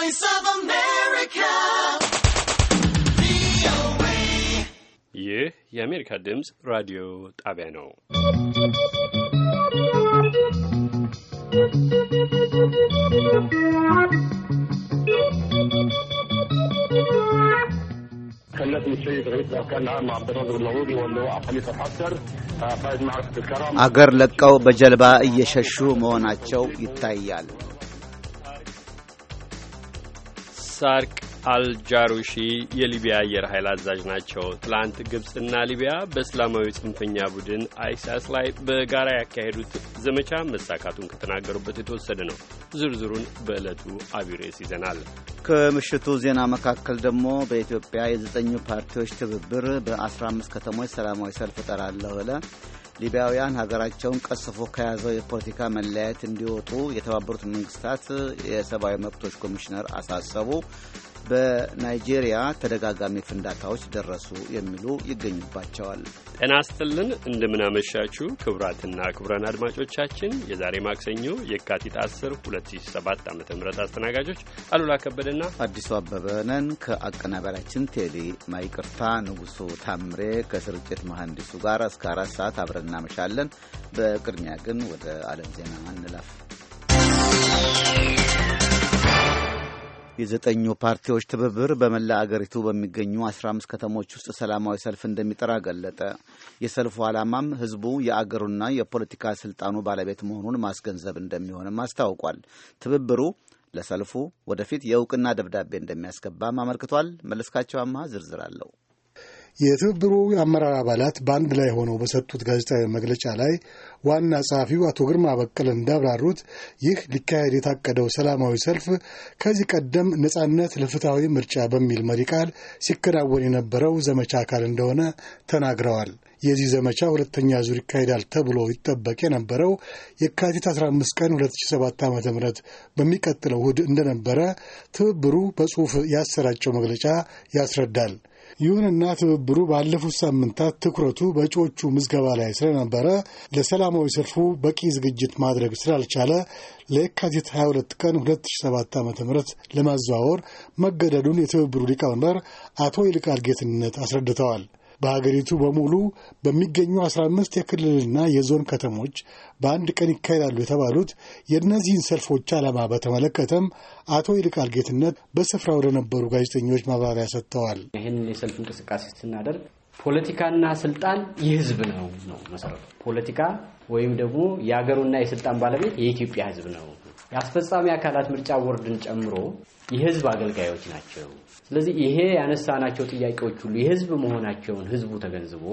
Voice of America. ይህ የአሜሪካ ድምፅ ራዲዮ ጣቢያ ነው። አገር ለቀው በጀልባ እየሸሹ መሆናቸው ይታያል። ሳርቅ አልጃሩሺ የሊቢያ አየር ኃይል አዛዥ ናቸው። ትላንት ግብፅና ሊቢያ በእስላማዊ ጽንፈኛ ቡድን አይሳስ ላይ በጋራ ያካሄዱት ዘመቻ መሳካቱን ከተናገሩበት የተወሰደ ነው። ዝርዝሩን በዕለቱ አቢሬስ ይዘናል። ከምሽቱ ዜና መካከል ደግሞ በኢትዮጵያ የዘጠኙ ፓርቲዎች ትብብር በ15 ከተሞች ሰላማዊ ሰልፍ እጠራለሁ ሊቢያውያን ሀገራቸውን ቀስፎ ከያዘው የፖለቲካ መለያየት እንዲወጡ የተባበሩት መንግስታት የሰብአዊ መብቶች ኮሚሽነር አሳሰቡ። በናይጄሪያ ተደጋጋሚ ፍንዳታዎች ደረሱ የሚሉ ይገኙባቸዋል። ጤና ስትልን እንደምናመሻችሁ ክቡራትና ክቡራን አድማጮቻችን የዛሬ ማክሰኞ የካቲት 10 2007 ዓ ም አስተናጋጆች አሉላ ከበደና አዲሱ አበበ ነን። ከአቀናባሪያችን ቴሌ ማይቅርታ ንጉሱ ታምሬ ከስርጭት መሐንዲሱ ጋር እስከ አራት ሰዓት አብረን እናመሻለን። በቅድሚያ ግን ወደ ዓለም ዜና እንለፍ። የዘጠኙ ፓርቲዎች ትብብር በመላ አገሪቱ በሚገኙ 15 ከተሞች ውስጥ ሰላማዊ ሰልፍ እንደሚጠራ ገለጠ። የሰልፉ ዓላማም ህዝቡ የአገሩና የፖለቲካ ስልጣኑ ባለቤት መሆኑን ማስገንዘብ እንደሚሆንም አስታውቋል። ትብብሩ ለሰልፉ ወደፊት የእውቅና ደብዳቤ እንደሚያስገባም አመልክቷል። መለስካቸው አማሃ ዝርዝር አለው። የትብብሩ አመራር አባላት በአንድ ላይ ሆነው በሰጡት ጋዜጣዊ መግለጫ ላይ ዋና ጸሐፊው አቶ ግርማ በቀለ እንዳብራሩት ይህ ሊካሄድ የታቀደው ሰላማዊ ሰልፍ ከዚህ ቀደም ነጻነት ለፍትሐዊ ምርጫ በሚል መሪ ቃል ሲከናወን የነበረው ዘመቻ አካል እንደሆነ ተናግረዋል። የዚህ ዘመቻ ሁለተኛ ዙር ይካሄዳል ተብሎ ይጠበቅ የነበረው የካቲት 15 ቀን 2007 ዓ ም በሚቀጥለው እሁድ እንደነበረ ትብብሩ በጽሑፍ ያሰራጨው መግለጫ ያስረዳል። ይሁንና ትብብሩ ባለፉት ሳምንታት ትኩረቱ በእጩዎቹ ምዝገባ ላይ ስለነበረ ለሰላማዊ ሰልፉ በቂ ዝግጅት ማድረግ ስላልቻለ ለየካቲት 22 ቀን 2007 ዓ ም ለማዘዋወር መገደዱን የትብብሩ ሊቀመንበር አቶ ይልቃል ጌትነት አስረድተዋል። በሀገሪቱ በሙሉ በሚገኙ 15 የክልልና የዞን ከተሞች በአንድ ቀን ይካሄዳሉ የተባሉት የእነዚህን ሰልፎች ዓላማ በተመለከተም አቶ ይልቃል ጌትነት ወደ ነበሩ ጋዜጠኞች ማብራሪያ ሰጥተዋል። ይህን የሰልፍ እንቅስቃሴ ስናደርግ ፖለቲካና ስልጣን የህዝብ ነው ነው መሰረቱ። ፖለቲካ ወይም ደግሞ የሀገሩና የስልጣን ባለቤት የኢትዮጵያ ህዝብ ነው። የአስፈጻሚ አካላት ምርጫ ቦርድን ጨምሮ የህዝብ አገልጋዮች ናቸው። ስለዚህ ይሄ ያነሳናቸው ጥያቄዎች ሁሉ የህዝብ መሆናቸውን ህዝቡ ተገንዝቦ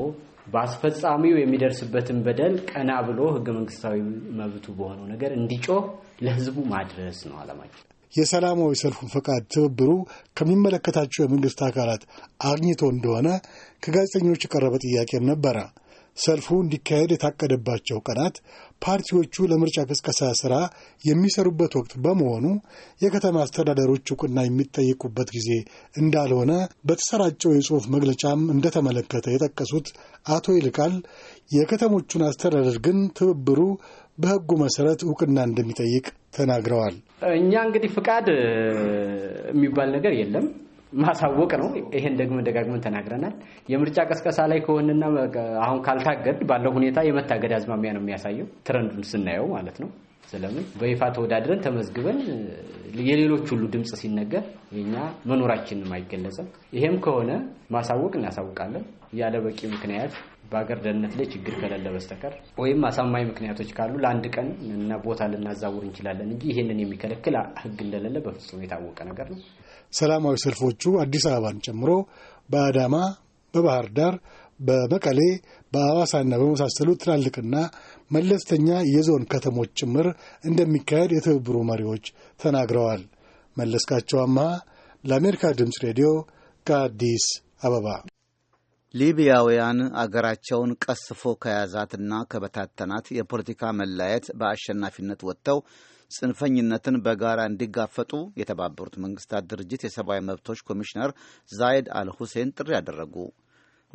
በአስፈጻሚው የሚደርስበትን በደል ቀና ብሎ ህገ መንግስታዊ መብቱ በሆነው ነገር እንዲጮህ ለህዝቡ ማድረስ ነው አለማቸው። የሰላማዊ ሰልፉ ፈቃድ ትብብሩ ከሚመለከታቸው የመንግስት አካላት አግኝቶ እንደሆነ ከጋዜጠኞች የቀረበ ጥያቄም ነበረ። ሰልፉ እንዲካሄድ የታቀደባቸው ቀናት ፓርቲዎቹ ለምርጫ ቅስቀሳ ሥራ የሚሰሩበት ወቅት በመሆኑ የከተማ አስተዳደሮች እውቅና የሚጠየቁበት ጊዜ እንዳልሆነ በተሰራጨው የጽሑፍ መግለጫም እንደተመለከተ የጠቀሱት አቶ ይልቃል የከተሞቹን አስተዳደር ግን ትብብሩ በሕጉ መሰረት እውቅና እንደሚጠይቅ ተናግረዋል። እኛ እንግዲህ ፍቃድ የሚባል ነገር የለም ማሳወቅ ነው። ይሄን ደግሞ ደጋግመን ተናግረናል። የምርጫ ቀስቀሳ ላይ ከሆንና አሁን ካልታገድ ባለው ሁኔታ የመታገድ አዝማሚያ ነው የሚያሳየው ትረንዱን ስናየው ማለት ነው። ስለምን በይፋ ተወዳድረን ተመዝግበን የሌሎች ሁሉ ድምፅ ሲነገር እኛ መኖራችንም አይገለጽም። ይሄም ከሆነ ማሳወቅ እናሳውቃለን ያለ በቂ ምክንያት በሀገር ደህንነት ላይ ችግር ከሌለ በስተቀር ወይም አሳማኝ ምክንያቶች ካሉ ለአንድ ቀን እና ቦታ ልናዛውር እንችላለን እንጂ ይህንን የሚከለክል ሕግ እንደሌለ በፍጹም የታወቀ ነገር ነው። ሰላማዊ ሰልፎቹ አዲስ አበባን ጨምሮ በአዳማ፣ በባህር ዳር፣ በመቀሌ፣ በአዋሳና በመሳሰሉ ትላልቅና መለስተኛ የዞን ከተሞች ጭምር እንደሚካሄድ የትብብሩ መሪዎች ተናግረዋል። መለስካቸው አምሃ ለአሜሪካ ድምፅ ሬዲዮ ከአዲስ አበባ። ሊቢያውያን አገራቸውን ቀስፎ ከያዛትና ከበታተናት የፖለቲካ መላየት በአሸናፊነት ወጥተው ጽንፈኝነትን በጋራ እንዲጋፈጡ የተባበሩት መንግስታት ድርጅት የሰብአዊ መብቶች ኮሚሽነር ዛይድ አል ሁሴን ጥሪ አደረጉ።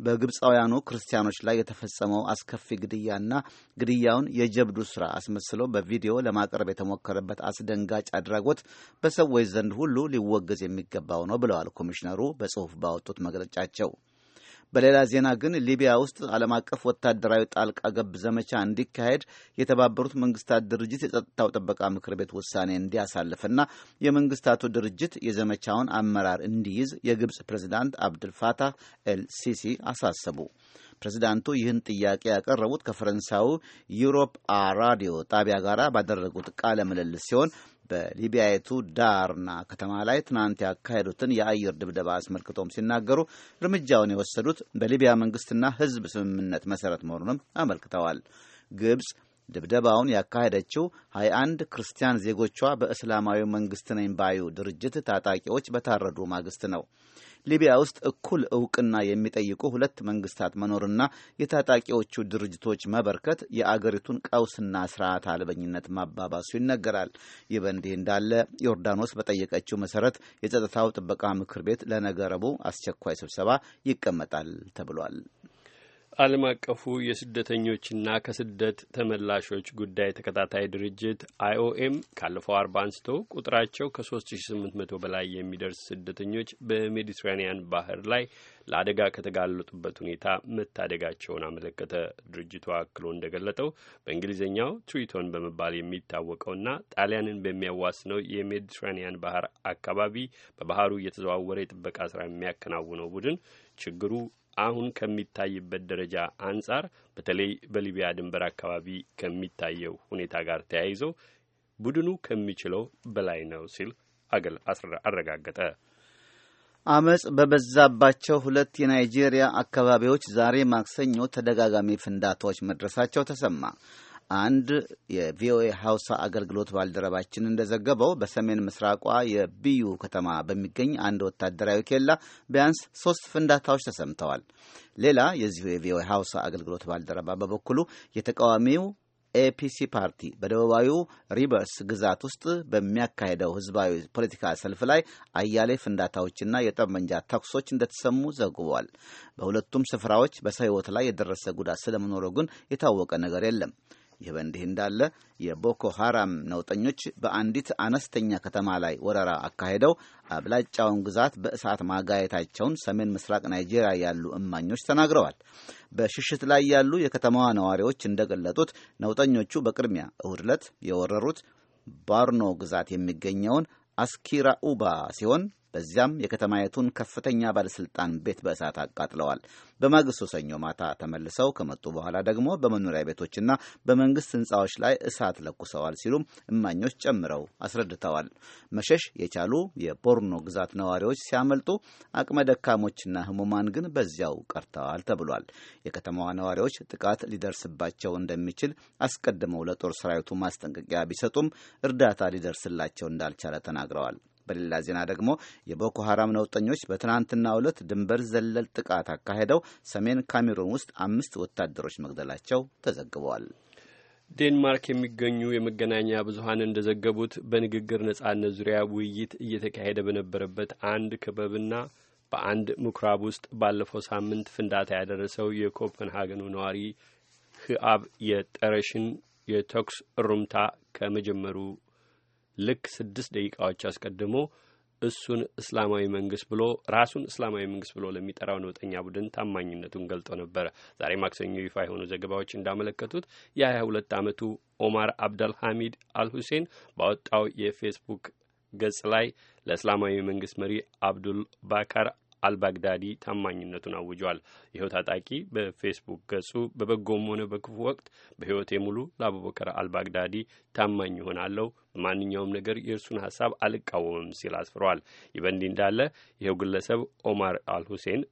በግብፃውያኑ ክርስቲያኖች ላይ የተፈጸመው አስከፊ ግድያና ግድያውን የጀብዱ ስራ አስመስሎ በቪዲዮ ለማቅረብ የተሞከረበት አስደንጋጭ አድራጎት በሰዎች ዘንድ ሁሉ ሊወገዝ የሚገባው ነው ብለዋል ኮሚሽነሩ በጽሑፍ ባወጡት መግለጫቸው። በሌላ ዜና ግን ሊቢያ ውስጥ ዓለም አቀፍ ወታደራዊ ጣልቃ ገብ ዘመቻ እንዲካሄድ የተባበሩት መንግስታት ድርጅት የጸጥታው ጥበቃ ምክር ቤት ውሳኔ እንዲያሳልፍና የመንግስታቱ ድርጅት የዘመቻውን አመራር እንዲይዝ የግብፅ ፕሬዚዳንት አብድልፋታህ ኤል ሲሲ አሳሰቡ። ፕሬዚዳንቱ ይህን ጥያቄ ያቀረቡት ከፈረንሳዩ ዩሮፕ አ ራዲዮ ጣቢያ ጋር ባደረጉት ቃለ ምልልስ ሲሆን በሊቢያዊቱ ዳርና ከተማ ላይ ትናንት ያካሄዱትን የአየር ድብደባ አስመልክቶም ሲናገሩ እርምጃውን የወሰዱት በሊቢያ መንግስትና ሕዝብ ስምምነት መሰረት መሆኑንም አመልክተዋል። ግብጽ ድብደባውን ያካሄደችው አንድ ክርስቲያን ዜጎቿ በእስላማዊ መንግስት ነኝ ባዩ ድርጅት ታጣቂዎች በታረዱ ማግስት ነው። ሊቢያ ውስጥ እኩል እውቅና የሚጠይቁ ሁለት መንግስታት መኖርና የታጣቂዎቹ ድርጅቶች መበርከት የአገሪቱን ቀውስና ስርዓት አልበኝነት ማባባሱ ይነገራል። ይህ በእንዲህ እንዳለ ዮርዳኖስ በጠየቀችው መሰረት የጸጥታው ጥበቃ ምክር ቤት ለነገ ረቡዕ አስቸኳይ ስብሰባ ይቀመጣል ተብሏል። ዓለም አቀፉ የስደተኞችና ከስደት ተመላሾች ጉዳይ ተከታታይ ድርጅት አይኦኤም ካለፈው አርባ አንስቶ ቁጥራቸው ከ3800 በላይ የሚደርስ ስደተኞች በሜዲትራኒያን ባህር ላይ ለአደጋ ከተጋለጡበት ሁኔታ መታደጋቸውን አመለከተ። ድርጅቱ አክሎ እንደገለጠው በእንግሊዝኛው ትሪቶን በመባል የሚታወቀውና ጣሊያንን በሚያዋስነው የሜዲትራኒያን ባህር አካባቢ በባህሩ እየተዘዋወረ የጥበቃ ስራ የሚያከናውነው ቡድን ችግሩ አሁን ከሚታይበት ደረጃ አንጻር በተለይ በሊቢያ ድንበር አካባቢ ከሚታየው ሁኔታ ጋር ተያይዞ ቡድኑ ከሚችለው በላይ ነው ሲል አገል አረጋገጠ። አመጽ በበዛባቸው ሁለት የናይጄሪያ አካባቢዎች ዛሬ ማክሰኞ ተደጋጋሚ ፍንዳታዎች መድረሳቸው ተሰማ። አንድ የቪኦኤ ሀውሳ አገልግሎት ባልደረባችን እንደዘገበው በሰሜን ምስራቋ የቢዩ ከተማ በሚገኝ አንድ ወታደራዊ ኬላ ቢያንስ ሶስት ፍንዳታዎች ተሰምተዋል። ሌላ የዚሁ የቪኦኤ ሀውሳ አገልግሎት ባልደረባ በበኩሉ የተቃዋሚው ኤፒሲ ፓርቲ በደቡባዊው ሪቨርስ ግዛት ውስጥ በሚያካሄደው ህዝባዊ ፖለቲካ ሰልፍ ላይ አያሌ ፍንዳታዎችና የጠመንጃ ተኩሶች እንደተሰሙ ዘግቧል። በሁለቱም ስፍራዎች በሰው ላይ የደረሰ ጉዳት ስለመኖሩ ግን የታወቀ ነገር የለም። ይህ በእንዲህ እንዳለ የቦኮ ሃራም ነውጠኞች በአንዲት አነስተኛ ከተማ ላይ ወረራ አካሄደው አብላጫውን ግዛት በእሳት ማጋየታቸውን ሰሜን ምስራቅ ናይጄሪያ ያሉ እማኞች ተናግረዋል። በሽሽት ላይ ያሉ የከተማዋ ነዋሪዎች እንደገለጡት ነውጠኞቹ በቅድሚያ እሁድ ዕለት የወረሩት ባርኖ ግዛት የሚገኘውን አስኪራ ኡባ ሲሆን በዚያም የከተማይቱን ከፍተኛ ባለስልጣን ቤት በእሳት አቃጥለዋል። በማግስቱ ሰኞ ማታ ተመልሰው ከመጡ በኋላ ደግሞ በመኖሪያ ቤቶችና በመንግስት ህንፃዎች ላይ እሳት ለኩሰዋል ሲሉም እማኞች ጨምረው አስረድተዋል። መሸሽ የቻሉ የቦርኖ ግዛት ነዋሪዎች ሲያመልጡ፣ አቅመ ደካሞችና ህሙማን ግን በዚያው ቀርተዋል ተብሏል። የከተማዋ ነዋሪዎች ጥቃት ሊደርስባቸው እንደሚችል አስቀድመው ለጦር ሰራዊቱ ማስጠንቀቂያ ቢሰጡም እርዳታ ሊደርስላቸው እንዳልቻለ ተናግረዋል። በሌላ ዜና ደግሞ የቦኮ ሀራም ነውጠኞች በትናንትናው ዕለት ድንበር ዘለል ጥቃት አካሄደው ሰሜን ካሜሩን ውስጥ አምስት ወታደሮች መግደላቸው ተዘግበዋል። ዴንማርክ የሚገኙ የመገናኛ ብዙኃን እንደዘገቡት በንግግር ነጻነት ዙሪያ ውይይት እየተካሄደ በነበረበት አንድ ክበብና በአንድ ምኩራብ ውስጥ ባለፈው ሳምንት ፍንዳታ ያደረሰው የኮፐንሃገኑ ነዋሪ ህአብ የጠረሽን የተኩስ እሩምታ ከመጀመሩ ልክ ስድስት ደቂቃዎች አስቀድሞ እሱን እስላማዊ መንግስት ብሎ ራሱን እስላማዊ መንግስት ብሎ ለሚጠራው ነውጠኛ ቡድን ታማኝነቱን ገልጦ ነበር። ዛሬ ማክሰኞ ይፋ የሆኑ ዘገባዎች እንዳመለከቱት የ22 ዓመቱ ኦማር አብደልሐሚድ አልሁሴን ባወጣው የፌስቡክ ገጽ ላይ ለእስላማዊ መንግስት መሪ አብዱል ባካር አልባግዳዲ ታማኝነቱን አውጇል። ይኸው ታጣቂ በፌስቡክ ገጹ በበጎም ሆነ በክፉ ወቅት በሕይወቴ ሙሉ ለአቡበከር አልባግዳዲ ታማኝ ይሆናለሁ፣ በማንኛውም ነገር የእርሱን ሀሳብ አልቃወምም ሲል አስፍሯል። ይህ በእንዲህ እንዳለ ይኸው ግለሰብ ኦማር አልሁሴን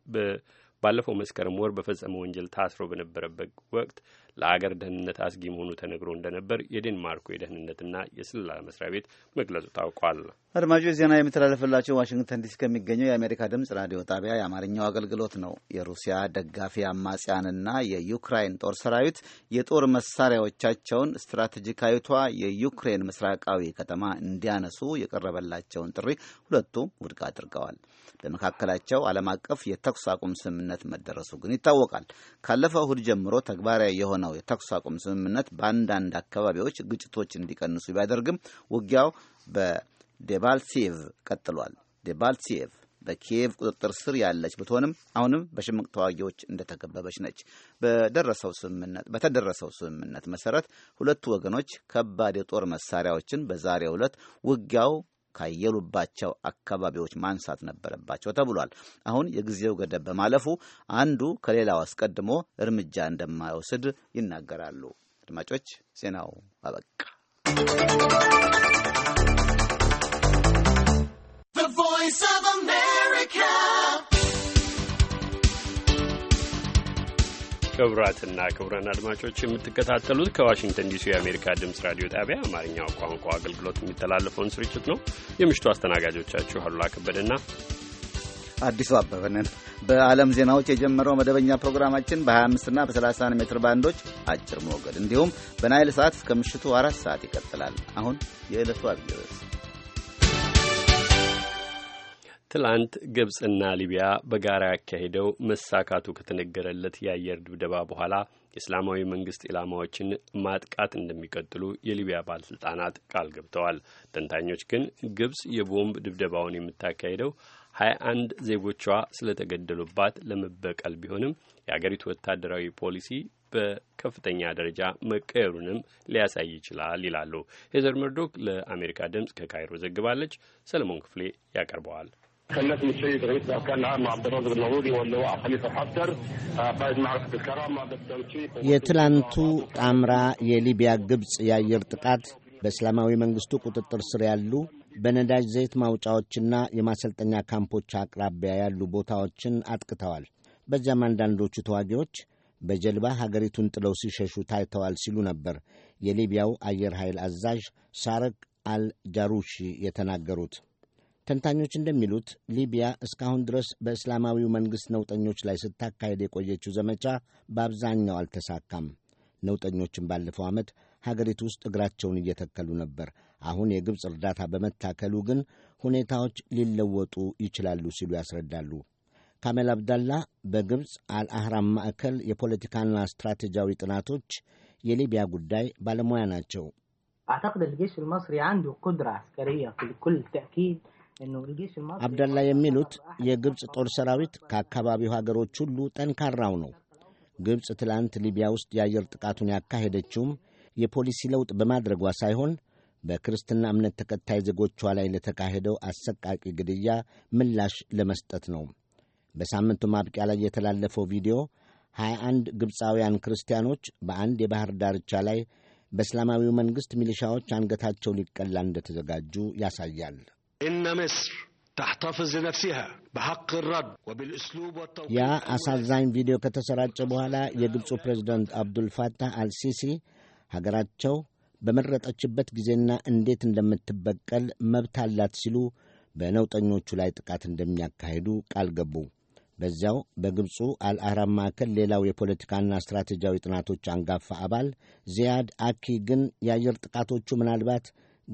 ባለፈው መስከረም ወር በፈጸመ ወንጀል ታስሮ በነበረበት ወቅት ለአገር ደህንነት አስጊ መሆኑ ተነግሮ እንደነበር የዴንማርኩ የደህንነትና የስለላ መስሪያ ቤት መግለጹ ታውቋል። አድማጮች ዜና የሚተላለፍላቸው ዋሽንግተን ዲሲ ከሚገኘው የአሜሪካ ድምፅ ራዲዮ ጣቢያ የአማርኛው አገልግሎት ነው። የሩሲያ ደጋፊ አማጽያንና የዩክራይን ጦር ሰራዊት የጦር መሳሪያዎቻቸውን ስትራቴጂካዊቷ የዩክሬን ምስራቃዊ ከተማ እንዲያነሱ የቀረበላቸውን ጥሪ ሁለቱም ውድቅ አድርገዋል። በመካከላቸው ዓለም አቀፍ የተኩስ አቁም ስምምነት መደረሱ ግን ይታወቃል። ካለፈው እሁድ ጀምሮ ተግባራዊ የሆነው የተኩስ አቁም ስምምነት በአንዳንድ አካባቢዎች ግጭቶች እንዲቀንሱ ቢያደርግም ውጊያው በዴባልሲቭ ቀጥሏል። ዴባልሲቭ በኪየቭ ቁጥጥር ስር ያለች ብትሆንም አሁንም በሽምቅ ተዋጊዎች እንደተከበበች ነች። በደረሰው ስምምነት በተደረሰው ስምምነት መሰረት ሁለቱ ወገኖች ከባድ የጦር መሳሪያዎችን በዛሬው ዕለት ውጊያው ካየሉባቸው አካባቢዎች ማንሳት ነበረባቸው ተብሏል። አሁን የጊዜው ገደብ በማለፉ አንዱ ከሌላው አስቀድሞ እርምጃ እንደማይወስድ ይናገራሉ። አድማጮች ዜናው አበቃ። ክቡራትና ክቡራን አድማጮች የምትከታተሉት ከዋሽንግተን ዲሲ የአሜሪካ ድምፅ ራዲዮ ጣቢያ አማርኛው ቋንቋ አገልግሎት የሚተላለፈውን ስርጭት ነው። የምሽቱ አስተናጋጆቻችሁ አሉላ ከበደና አዲሱ አበበንን። በዓለም ዜናዎች የጀመረው መደበኛ ፕሮግራማችን በ25ና በ31 ሜትር ባንዶች አጭር ሞገድ እንዲሁም በናይል ሰዓት እስከ ምሽቱ አራት ሰዓት ይቀጥላል። አሁን የዕለቱ አብይ ርዕስ ትላንት ግብፅና ሊቢያ በጋራ ያካሄደው መሳካቱ ከተነገረለት የአየር ድብደባ በኋላ የእስላማዊ መንግስት ኢላማዎችን ማጥቃት እንደሚቀጥሉ የሊቢያ ባለስልጣናት ቃል ገብተዋል። ተንታኞች ግን ግብፅ የቦምብ ድብደባውን የምታካሄደው ሀያ አንድ ዜጎቿ ስለተገደሉባት ለመበቀል ቢሆንም የአገሪቱ ወታደራዊ ፖሊሲ በከፍተኛ ደረጃ መቀየሩንም ሊያሳይ ይችላል ይላሉ። ሄዘር መርዶክ ለአሜሪካ ድምፅ ከካይሮ ዘግባለች። ሰለሞን ክፍሌ ያቀርበዋል። የትላንቱ ጣምራ የሊቢያ ግብፅ የአየር ጥቃት በእስላማዊ መንግስቱ ቁጥጥር ስር ያሉ በነዳጅ ዘይት ማውጫዎችና የማሰልጠኛ ካምፖች አቅራቢያ ያሉ ቦታዎችን አጥቅተዋል። በዚያም አንዳንዶቹ ተዋጊዎች በጀልባ ሀገሪቱን ጥለው ሲሸሹ ታይተዋል ሲሉ ነበር የሊቢያው አየር ኃይል አዛዥ ሳረቅ አልጃሩሺ የተናገሩት። ተንታኞች እንደሚሉት ሊቢያ እስካሁን ድረስ በእስላማዊው መንግሥት ነውጠኞች ላይ ስታካሄድ የቆየችው ዘመቻ በአብዛኛው አልተሳካም። ነውጠኞችን ባለፈው ዓመት ሀገሪቱ ውስጥ እግራቸውን እየተከሉ ነበር። አሁን የግብፅ እርዳታ በመታከሉ ግን ሁኔታዎች ሊለወጡ ይችላሉ ሲሉ ያስረዳሉ። ካሜል አብዳላ በግብፅ አልአህራም ማዕከል የፖለቲካና ስትራቴጂያዊ ጥናቶች የሊቢያ ጉዳይ ባለሙያ ናቸው። አብደላ የሚሉት የግብፅ ጦር ሰራዊት ከአካባቢው ሀገሮች ሁሉ ጠንካራው ነው። ግብፅ ትላንት ሊቢያ ውስጥ የአየር ጥቃቱን ያካሄደችውም የፖሊሲ ለውጥ በማድረጓ ሳይሆን በክርስትና እምነት ተከታይ ዜጎቿ ላይ ለተካሄደው አሰቃቂ ግድያ ምላሽ ለመስጠት ነው። በሳምንቱ ማብቂያ ላይ የተላለፈው ቪዲዮ 21 ግብፃውያን ክርስቲያኖች በአንድ የባህር ዳርቻ ላይ በእስላማዊው መንግሥት ሚሊሻዎች አንገታቸው ሊቀላ እንደተዘጋጁ ያሳያል። إن مصر تحتفظ لنفسها بحق الرد وبالأسلوب والتوقيت ያ አሳዛኝ ቪዲዮ ከተሰራጨ በኋላ የግብፁ ፕሬዚዳንት አብዱልፋታህ አልሲሲ ሀገራቸው በመረጠችበት ጊዜና እንዴት እንደምትበቀል መብት አላት ሲሉ በነውጠኞቹ ላይ ጥቃት እንደሚያካሂዱ ቃል ገቡ። በዚያው በግብፁ አልአህራም ማዕከል ሌላው የፖለቲካና ስትራቴጂያዊ ጥናቶች አንጋፋ አባል ዚያድ አኪ ግን የአየር ጥቃቶቹ ምናልባት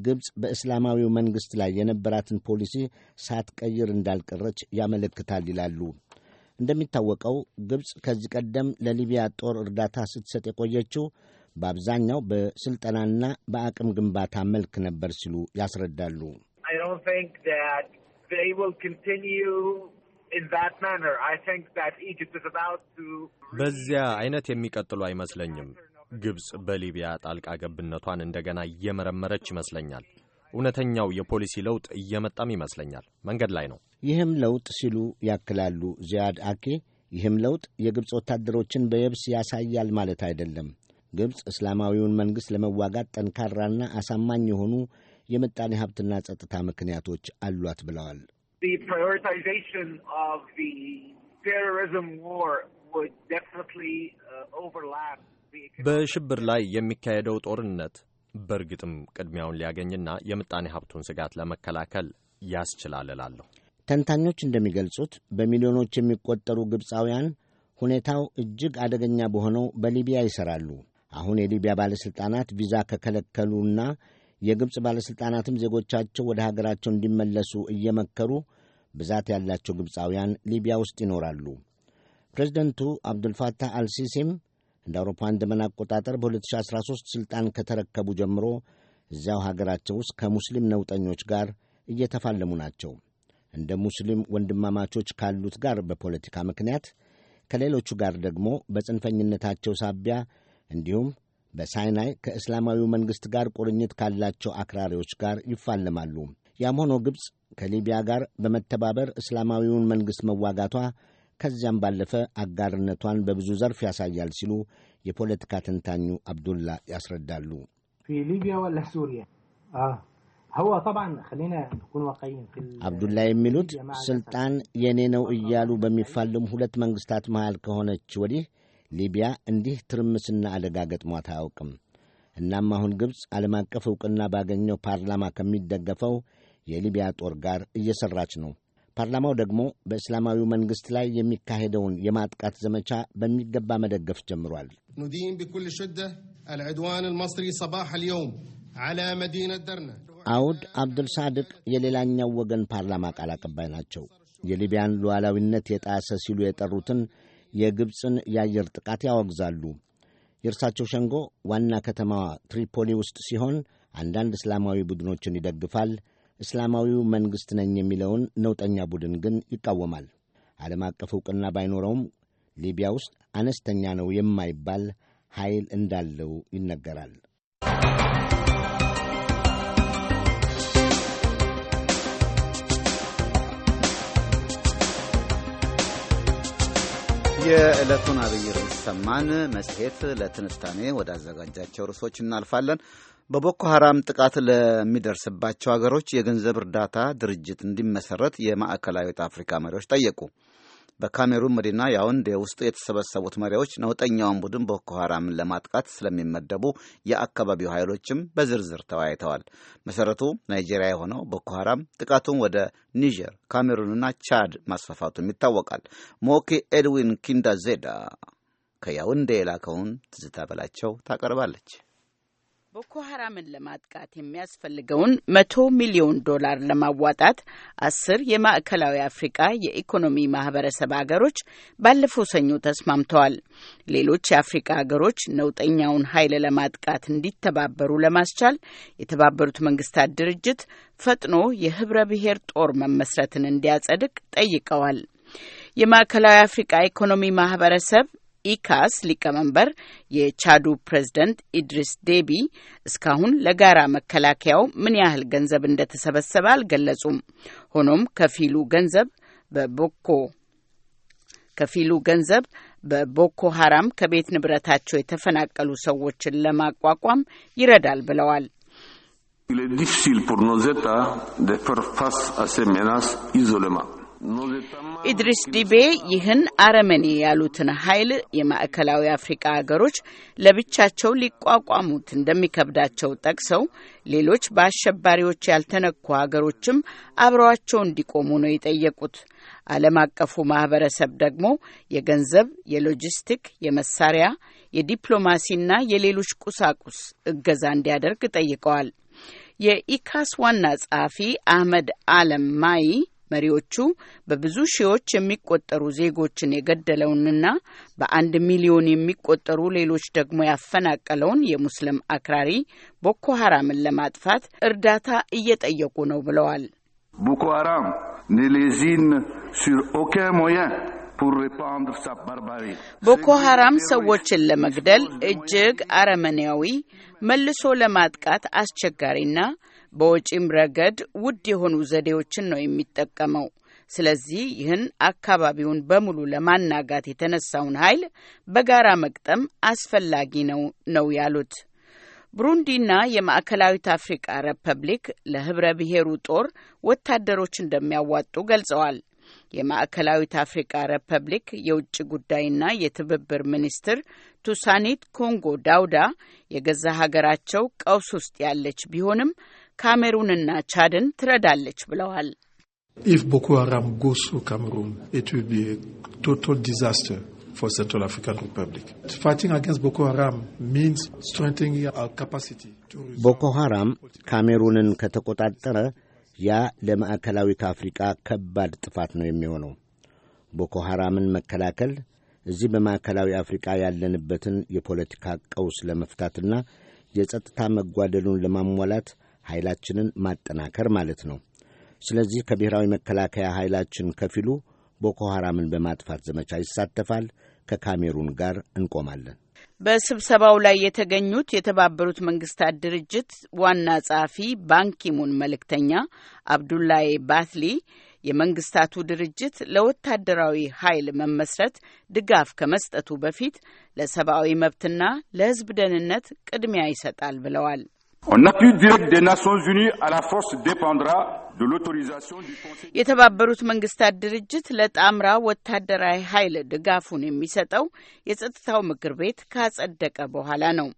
ግብፅ በእስላማዊው መንግሥት ላይ የነበራትን ፖሊሲ ሳትቀይር እንዳልቀረች ያመለክታል ይላሉ። እንደሚታወቀው ግብፅ ከዚህ ቀደም ለሊቢያ ጦር እርዳታ ስትሰጥ የቆየችው በአብዛኛው በሥልጠናና በአቅም ግንባታ መልክ ነበር ሲሉ ያስረዳሉ። በዚያ አይነት የሚቀጥሉ አይመስለኝም። ግብፅ በሊቢያ ጣልቃ ገብነቷን እንደገና እየመረመረች ይመስለኛል። እውነተኛው የፖሊሲ ለውጥ እየመጣም ይመስለኛል። መንገድ ላይ ነው። ይህም ለውጥ ሲሉ ያክላሉ ዚያድ አኬ። ይህም ለውጥ የግብፅ ወታደሮችን በየብስ ያሳያል ማለት አይደለም። ግብፅ እስላማዊውን መንግሥት ለመዋጋት ጠንካራና አሳማኝ የሆኑ የምጣኔ ሀብትና ጸጥታ ምክንያቶች አሏት ብለዋል። በሽብር ላይ የሚካሄደው ጦርነት በእርግጥም ቅድሚያውን ሊያገኝና የምጣኔ ሀብቱን ስጋት ለመከላከል ያስችላል እላለሁ። ተንታኞች እንደሚገልጹት በሚሊዮኖች የሚቆጠሩ ግብፃውያን ሁኔታው እጅግ አደገኛ በሆነው በሊቢያ ይሠራሉ። አሁን የሊቢያ ባለሥልጣናት ቪዛ ከከለከሉና የግብፅ ባለሥልጣናትም ዜጎቻቸው ወደ ሀገራቸው እንዲመለሱ እየመከሩ ብዛት ያላቸው ግብፃውያን ሊቢያ ውስጥ ይኖራሉ። ፕሬዚደንቱ አብዱልፋታህ አልሲሲም እንደ አውሮፓውያን ዘመን አቆጣጠር በ2013 ሥልጣን ከተረከቡ ጀምሮ እዚያው ሀገራቸው ውስጥ ከሙስሊም ነውጠኞች ጋር እየተፋለሙ ናቸው። እንደ ሙስሊም ወንድማማቾች ካሉት ጋር በፖለቲካ ምክንያት፣ ከሌሎቹ ጋር ደግሞ በጽንፈኝነታቸው ሳቢያ እንዲሁም በሳይናይ ከእስላማዊው መንግሥት ጋር ቁርኝት ካላቸው አክራሪዎች ጋር ይፋለማሉ። ያም ሆኖ ግብፅ ከሊቢያ ጋር በመተባበር እስላማዊውን መንግሥት መዋጋቷ ከዚያም ባለፈ አጋርነቷን በብዙ ዘርፍ ያሳያል ሲሉ የፖለቲካ ተንታኙ አብዱላ ያስረዳሉ። አብዱላ የሚሉት ስልጣን የኔ ነው እያሉ በሚፋልም ሁለት መንግስታት መሃል ከሆነች ወዲህ ሊቢያ እንዲህ ትርምስና አደጋ ገጥሟት አያውቅም። እናም አሁን ግብፅ ዓለም አቀፍ ዕውቅና ባገኘው ፓርላማ ከሚደገፈው የሊቢያ ጦር ጋር እየሠራች ነው። ፓርላማው ደግሞ በእስላማዊ መንግሥት ላይ የሚካሄደውን የማጥቃት ዘመቻ በሚገባ መደገፍ ጀምሯል። ኑዲን ብኩል ሽደ አልዕድዋን አልመصሪ ሰባሕ አልየውም ዐላ መዲነት ደርና አውድ አብዱል ሳድቅ የሌላኛው ወገን ፓርላማ ቃል አቀባይ ናቸው። የሊቢያን ሉዓላዊነት የጣሰ ሲሉ የጠሩትን የግብፅን የአየር ጥቃት ያወግዛሉ። የእርሳቸው ሸንጎ ዋና ከተማዋ ትሪፖሊ ውስጥ ሲሆን አንዳንድ እስላማዊ ቡድኖችን ይደግፋል። እስላማዊው መንግሥት ነኝ የሚለውን ነውጠኛ ቡድን ግን ይቃወማል። ዓለም አቀፍ ዕውቅና ባይኖረውም ሊቢያ ውስጥ አነስተኛ ነው የማይባል ኃይል እንዳለው ይነገራል። የዕለቱን አብይ ርዕስ ሰማን። መጽሔት ለትንታኔ ወዳዘጋጃቸው ርዕሶች እናልፋለን። በቦኮ ሐራም ጥቃት ለሚደርስባቸው ሀገሮች የገንዘብ እርዳታ ድርጅት እንዲመሰረት የማዕከላዊት አፍሪካ መሪዎች ጠየቁ። በካሜሩን መዲና ያውንዴ ውስጥ የተሰበሰቡት መሪዎች ነውጠኛውን ቡድን ቦኮ ሐራምን ለማጥቃት ስለሚመደቡ የአካባቢው ኃይሎችም በዝርዝር ተወያይተዋል። መሰረቱ ናይጄሪያ የሆነው ቦኮ ሐራም ጥቃቱን ወደ ኒጀር፣ ካሜሩንና ቻድ ማስፋፋቱም ይታወቃል። ሞኪ ኤድዊን ኪንዳዜዳ ከያውንዴ የላከውን ትዝታ በላቸው ታቀርባለች። ቦኮ ሀራምን ለማጥቃት የሚያስፈልገውን መቶ ሚሊዮን ዶላር ለማዋጣት አስር የማዕከላዊ አፍሪቃ የኢኮኖሚ ማህበረሰብ አገሮች ባለፈው ሰኞ ተስማምተዋል። ሌሎች የአፍሪቃ አገሮች ነውጠኛውን ኃይል ለማጥቃት እንዲተባበሩ ለማስቻል የተባበሩት መንግስታት ድርጅት ፈጥኖ የህብረ ብሔር ጦር መመስረትን እንዲያጸድቅ ጠይቀዋል። የማዕከላዊ አፍሪቃ ኢኮኖሚ ማህበረሰብ ኢካስ ሊቀመንበር የቻዱ ፕሬዝደንት ኢድሪስ ዴቢ እስካሁን ለጋራ መከላከያው ምን ያህል ገንዘብ እንደተሰበሰበ አልገለጹም። ሆኖም ከፊሉ ገንዘብ በቦኮ ከፊሉ ገንዘብ በቦኮ ሀራም ከቤት ንብረታቸው የተፈናቀሉ ሰዎችን ለማቋቋም ይረዳል ብለዋል። Il est difficile pour nos ኢድሪስ ዲቤ ይህን አረመኔ ያሉትን ኃይል የማዕከላዊ አፍሪቃ ሀገሮች ለብቻቸው ሊቋቋሙት እንደሚከብዳቸው ጠቅሰው ሌሎች በአሸባሪዎች ያልተነኩ ሀገሮችም አብረዋቸው እንዲቆሙ ነው የጠየቁት። ዓለም አቀፉ ማህበረሰብ ደግሞ የገንዘብ፣ የሎጂስቲክ፣ የመሳሪያ፣ የዲፕሎማሲና የሌሎች ቁሳቁስ እገዛ እንዲያደርግ ጠይቀዋል። የኢካስ ዋና ጸሐፊ አህመድ አለም ማይ መሪዎቹ በብዙ ሺዎች የሚቆጠሩ ዜጎችን የገደለውንና በአንድ ሚሊዮን የሚቆጠሩ ሌሎች ደግሞ ያፈናቀለውን የሙስሊም አክራሪ ቦኮ ሀራምን ለማጥፋት እርዳታ እየጠየቁ ነው ብለዋል። ቦኮ ሀራም ኔሌዚን ሱር ኦኬ ሞየን ቦኮ ሀራም ሰዎችን ለመግደል እጅግ አረመኔያዊ፣ መልሶ ለማጥቃት አስቸጋሪና በወጪም ረገድ ውድ የሆኑ ዘዴዎችን ነው የሚጠቀመው። ስለዚህ ይህን አካባቢውን በሙሉ ለማናጋት የተነሳውን ኃይል በጋራ መቅጠም አስፈላጊ ነው ነው ያሉት። ብሩንዲና የማዕከላዊት አፍሪቃ ሪፐብሊክ ለህብረ ብሔሩ ጦር ወታደሮች እንደሚያዋጡ ገልጸዋል። የማዕከላዊት አፍሪቃ ሪፐብሊክ የውጭ ጉዳይና የትብብር ሚኒስትር ቱሳኒት ኮንጎ ዳውዳ የገዛ ሀገራቸው ቀውስ ውስጥ ያለች ቢሆንም ካሜሩንና ቻድን ትረዳለች ብለዋል። ኢፍ ቦኮ ሃራም ጎስ ቱ ካሜሩን ኢት ዊል ቢ ቶታል ዲዛስተር for Central African ቦኮ ሃራም ካሜሩንን ከተቆጣጠረ ያ ለማዕከላዊ ከአፍሪቃ ከባድ ጥፋት ነው የሚሆነው። ቦኮ ሃራምን መከላከል እዚህ በማዕከላዊ አፍሪቃ ያለንበትን የፖለቲካ ቀውስ ለመፍታትና የጸጥታ መጓደሉን ለማሟላት ኃይላችንን ማጠናከር ማለት ነው። ስለዚህ ከብሔራዊ መከላከያ ኃይላችን ከፊሉ ቦኮ ሐራምን በማጥፋት ዘመቻ ይሳተፋል። ከካሜሩን ጋር እንቆማለን። በስብሰባው ላይ የተገኙት የተባበሩት መንግስታት ድርጅት ዋና ጸሐፊ ባንኪሙን መልእክተኛ አብዱላይ ባትሊ የመንግስታቱ ድርጅት ለወታደራዊ ኃይል መመስረት ድጋፍ ከመስጠቱ በፊት ለሰብአዊ መብትና ለሕዝብ ደህንነት ቅድሚያ ይሰጣል ብለዋል። የተባበሩት መንግስታት ድርጅት ለጣምራ ወታደራዊ ኃይል ድጋፉን የሚሰጠው የጸጥታው ምክር ቤት ካጸደቀ በኋላ ነው።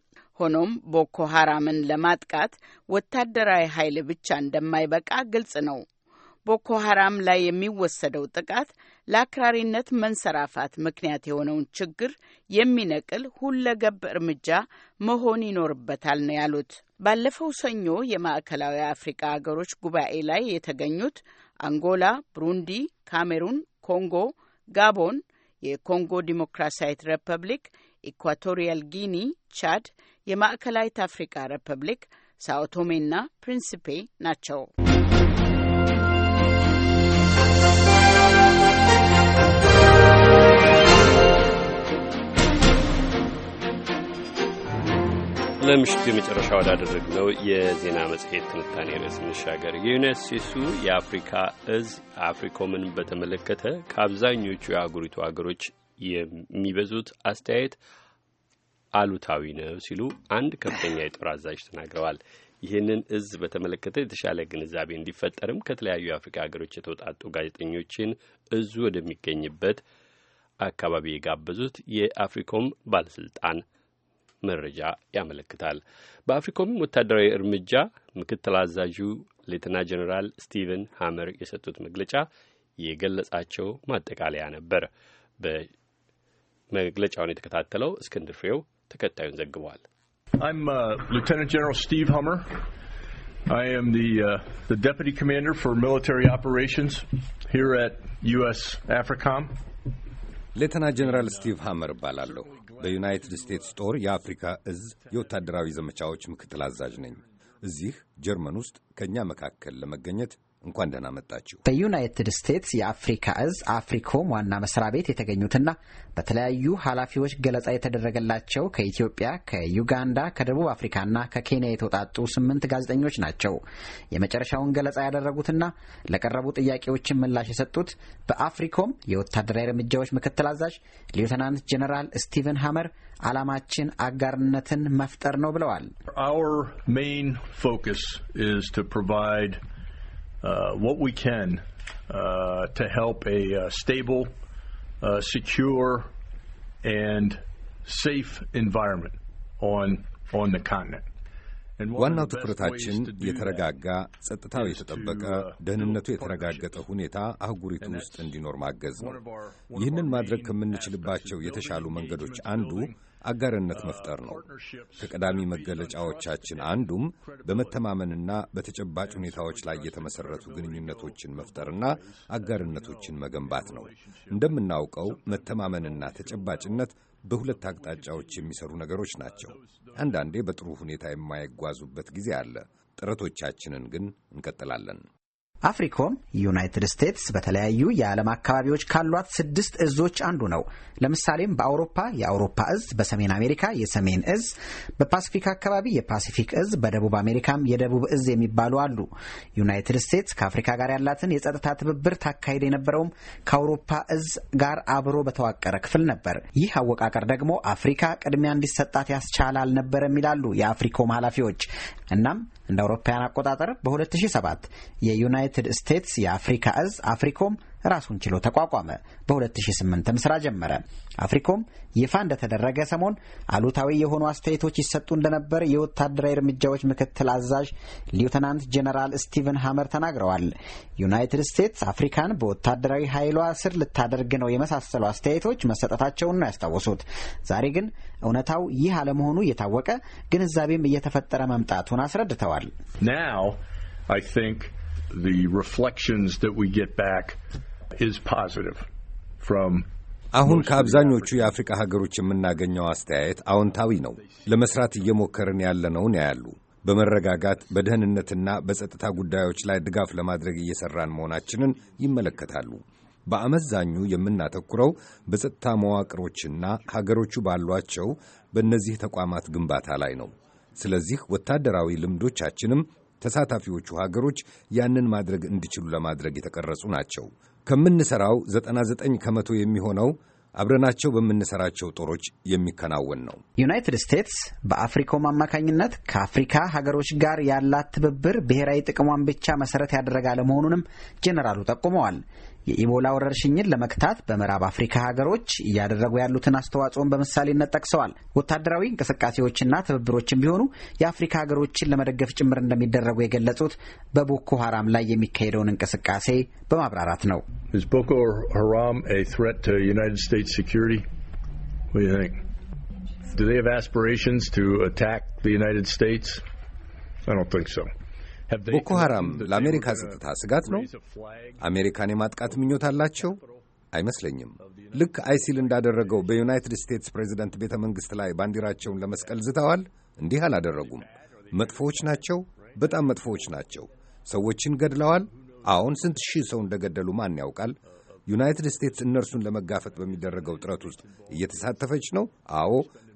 ሆኖም ቦኮ ሐራምን ለማጥቃት ወታደራዊ ኃይል ብቻ እንደማይበቃ ግልጽ ነው። ቦኮ ሐራም ላይ የሚወሰደው ጥቃት ለአክራሪነት መንሰራፋት ምክንያት የሆነውን ችግር የሚነቅል ሁለገብ እርምጃ መሆን ይኖርበታል ነው ያሉት። ባለፈው ሰኞ የማዕከላዊ አፍሪቃ ሀገሮች ጉባኤ ላይ የተገኙት አንጎላ፣ ብሩንዲ፣ ካሜሩን፣ ኮንጎ፣ ጋቦን፣ የኮንጎ ዲሞክራሲያዊት ሪፐብሊክ፣ ኢኳቶሪያል ጊኒ፣ ቻድ፣ የማዕከላዊት አፍሪቃ ሪፐብሊክ፣ ሳኦቶሜና ፕሪንስፔ ፕሪንሲፔ ናቸው። ለምሽቱ የመጨረሻ ወዳደረግነው የዜና መጽሔት ትንታኔ ርዕስ እንሻገር። የዩናይት ስቴትሱ የአፍሪካ እዝ አፍሪኮምን በተመለከተ ከአብዛኞቹ የአህጉሪቱ ሀገሮች የሚበዙት አስተያየት አሉታዊ ነው ሲሉ አንድ ከፍተኛ የጦር አዛዥ ተናግረዋል። ይህንን እዝ በተመለከተ የተሻለ ግንዛቤ እንዲፈጠርም ከተለያዩ የአፍሪካ ሀገሮች የተውጣጡ ጋዜጠኞችን እዙ ወደሚገኝበት አካባቢ የጋበዙት የአፍሪኮም ባለስልጣን መረጃ ያመለክታል። በአፍሪኮም ወታደራዊ እርምጃ ምክትል አዛዡ ሌተና ጀኔራል ስቲቨን ሃመር የሰጡት መግለጫ የገለጻቸው ማጠቃለያ ነበር። በመግለጫውን የተከታተለው እስክንድር ፍሬው ተከታዩን ዘግቧል። I'm uh, Lieutenant General Steve I am the, uh, the Deputy Commander for Military Operations here at U.S. AFRICOM. ሌተና ጀኔራል ስቲቭ ሃመር እባላለሁ በዩናይትድ ስቴትስ ጦር የአፍሪካ እዝ የወታደራዊ ዘመቻዎች ምክትል አዛዥ ነኝ። እዚህ ጀርመን ውስጥ ከእኛ መካከል ለመገኘት እንኳን ደህና መጣችሁ። በዩናይትድ ስቴትስ የአፍሪካ እዝ አፍሪኮም ዋና መስሪያ ቤት የተገኙትና በተለያዩ ኃላፊዎች ገለጻ የተደረገላቸው ከኢትዮጵያ፣ ከዩጋንዳ፣ ከደቡብ አፍሪካና ከኬንያ የተውጣጡ ስምንት ጋዜጠኞች ናቸው የመጨረሻውን ገለጻ ያደረጉትና ለቀረቡ ጥያቄዎችን ምላሽ የሰጡት በአፍሪኮም የወታደራዊ እርምጃዎች ምክትል አዛዥ ሌውተናንት ጀነራል ስቲቨን ሀመር ዓላማችን አጋርነትን መፍጠር ነው ብለዋል። what we can to help a stable, secure, and safe environment on on the continent. ዋናው ትኩረታችን የተረጋጋ ጸጥታው የተጠበቀ ደህንነቱ የተረጋገጠ ሁኔታ አህጉሪቱ ውስጥ እንዲኖር ማገዝ ነው። ይህንን ማድረግ ከምንችልባቸው የተሻሉ መንገዶች አንዱ አጋርነት መፍጠር ነው። ከቀዳሚ መገለጫዎቻችን አንዱም በመተማመንና በተጨባጭ ሁኔታዎች ላይ የተመሰረቱ ግንኙነቶችን መፍጠርና አጋርነቶችን መገንባት ነው። እንደምናውቀው መተማመንና ተጨባጭነት በሁለት አቅጣጫዎች የሚሰሩ ነገሮች ናቸው። አንዳንዴ በጥሩ ሁኔታ የማይጓዙበት ጊዜ አለ። ጥረቶቻችንን ግን እንቀጥላለን። አፍሪኮም ዩናይትድ ስቴትስ በተለያዩ የዓለም አካባቢዎች ካሏት ስድስት እዞች አንዱ ነው። ለምሳሌም በአውሮፓ የአውሮፓ እዝ፣ በሰሜን አሜሪካ የሰሜን እዝ፣ በፓሲፊክ አካባቢ የፓሲፊክ እዝ፣ በደቡብ አሜሪካም የደቡብ እዝ የሚባሉ አሉ። ዩናይትድ ስቴትስ ከአፍሪካ ጋር ያላትን የጸጥታ ትብብር ታካሄድ የነበረውም ከአውሮፓ እዝ ጋር አብሮ በተዋቀረ ክፍል ነበር። ይህ አወቃቀር ደግሞ አፍሪካ ቅድሚያ እንዲሰጣት ያስቻለ አልነበረም ይላሉ የአፍሪኮም ኃላፊዎች። እናም እንደ አውሮፓውያን አቆጣጠር በ2007 የዩናይትድ ስቴትስ የአፍሪካ እዝ አፍሪኮም ራሱን ችሎ ተቋቋመ። በ2008ም ስራ ጀመረ። አፍሪኮም ይፋ እንደተደረገ ሰሞን አሉታዊ የሆኑ አስተያየቶች ይሰጡ እንደነበር የወታደራዊ እርምጃዎች ምክትል አዛዥ ሊውተናንት ጀነራል ስቲቨን ሃመር ተናግረዋል። ዩናይትድ ስቴትስ አፍሪካን በወታደራዊ ኃይሏ ስር ልታደርግ ነው የመሳሰሉ አስተያየቶች መሰጠታቸውን ነው ያስታወሱት። ዛሬ ግን እውነታው ይህ አለመሆኑ እየታወቀ ግንዛቤም እየተፈጠረ መምጣቱን አስረድተዋል። Now, I think the reflections that we get back is positive from አሁን ከአብዛኞቹ የአፍሪካ ሀገሮች የምናገኘው አስተያየት አዎንታዊ ነው። ለመስራት እየሞከርን ያለነውን ያያሉ። በመረጋጋት በደህንነትና በጸጥታ ጉዳዮች ላይ ድጋፍ ለማድረግ እየሰራን መሆናችንን ይመለከታሉ። በአመዛኙ የምናተኩረው በጸጥታ መዋቅሮችና ሀገሮቹ ባሏቸው በእነዚህ ተቋማት ግንባታ ላይ ነው። ስለዚህ ወታደራዊ ልምዶቻችንም ተሳታፊዎቹ ሀገሮች ያንን ማድረግ እንዲችሉ ለማድረግ የተቀረጹ ናቸው። ከምንሠራው 99 ከመቶ የሚሆነው አብረናቸው በምንሰራቸው ጦሮች የሚከናወን ነው። ዩናይትድ ስቴትስ በአፍሪኮም አማካኝነት ከአፍሪካ ሀገሮች ጋር ያላት ትብብር ብሔራዊ ጥቅሟን ብቻ መሰረት ያደረገ አለመሆኑንም ጄኔራሉ ጠቁመዋል። የኢቦላ ወረርሽኝን ለመክታት በምዕራብ አፍሪካ ሀገሮች እያደረጉ ያሉትን አስተዋጽኦን በምሳሌነት ጠቅሰዋል። ወታደራዊ እንቅስቃሴዎችና ትብብሮችም ቢሆኑ የአፍሪካ ሀገሮችን ለመደገፍ ጭምር እንደሚደረጉ የገለጹት በቦኮ ሀራም ላይ የሚካሄደውን እንቅስቃሴ በማብራራት ነው። Do they have aspirations to attack the United States? I don't think so. ቦኮ ሐራም ለአሜሪካ ጸጥታ ስጋት ነው? አሜሪካን የማጥቃት ምኞት አላቸው? አይመስለኝም። ልክ አይሲል እንዳደረገው በዩናይትድ ስቴትስ ፕሬዚደንት ቤተ መንግሥት ላይ ባንዲራቸውን ለመስቀል ዝተዋል። እንዲህ አላደረጉም። መጥፎዎች ናቸው፣ በጣም መጥፎዎች ናቸው። ሰዎችን ገድለዋል። አሁን ስንት ሺህ ሰው እንደገደሉ ማን ያውቃል? ዩናይትድ ስቴትስ እነርሱን ለመጋፈጥ በሚደረገው ጥረት ውስጥ እየተሳተፈች ነው። አዎ።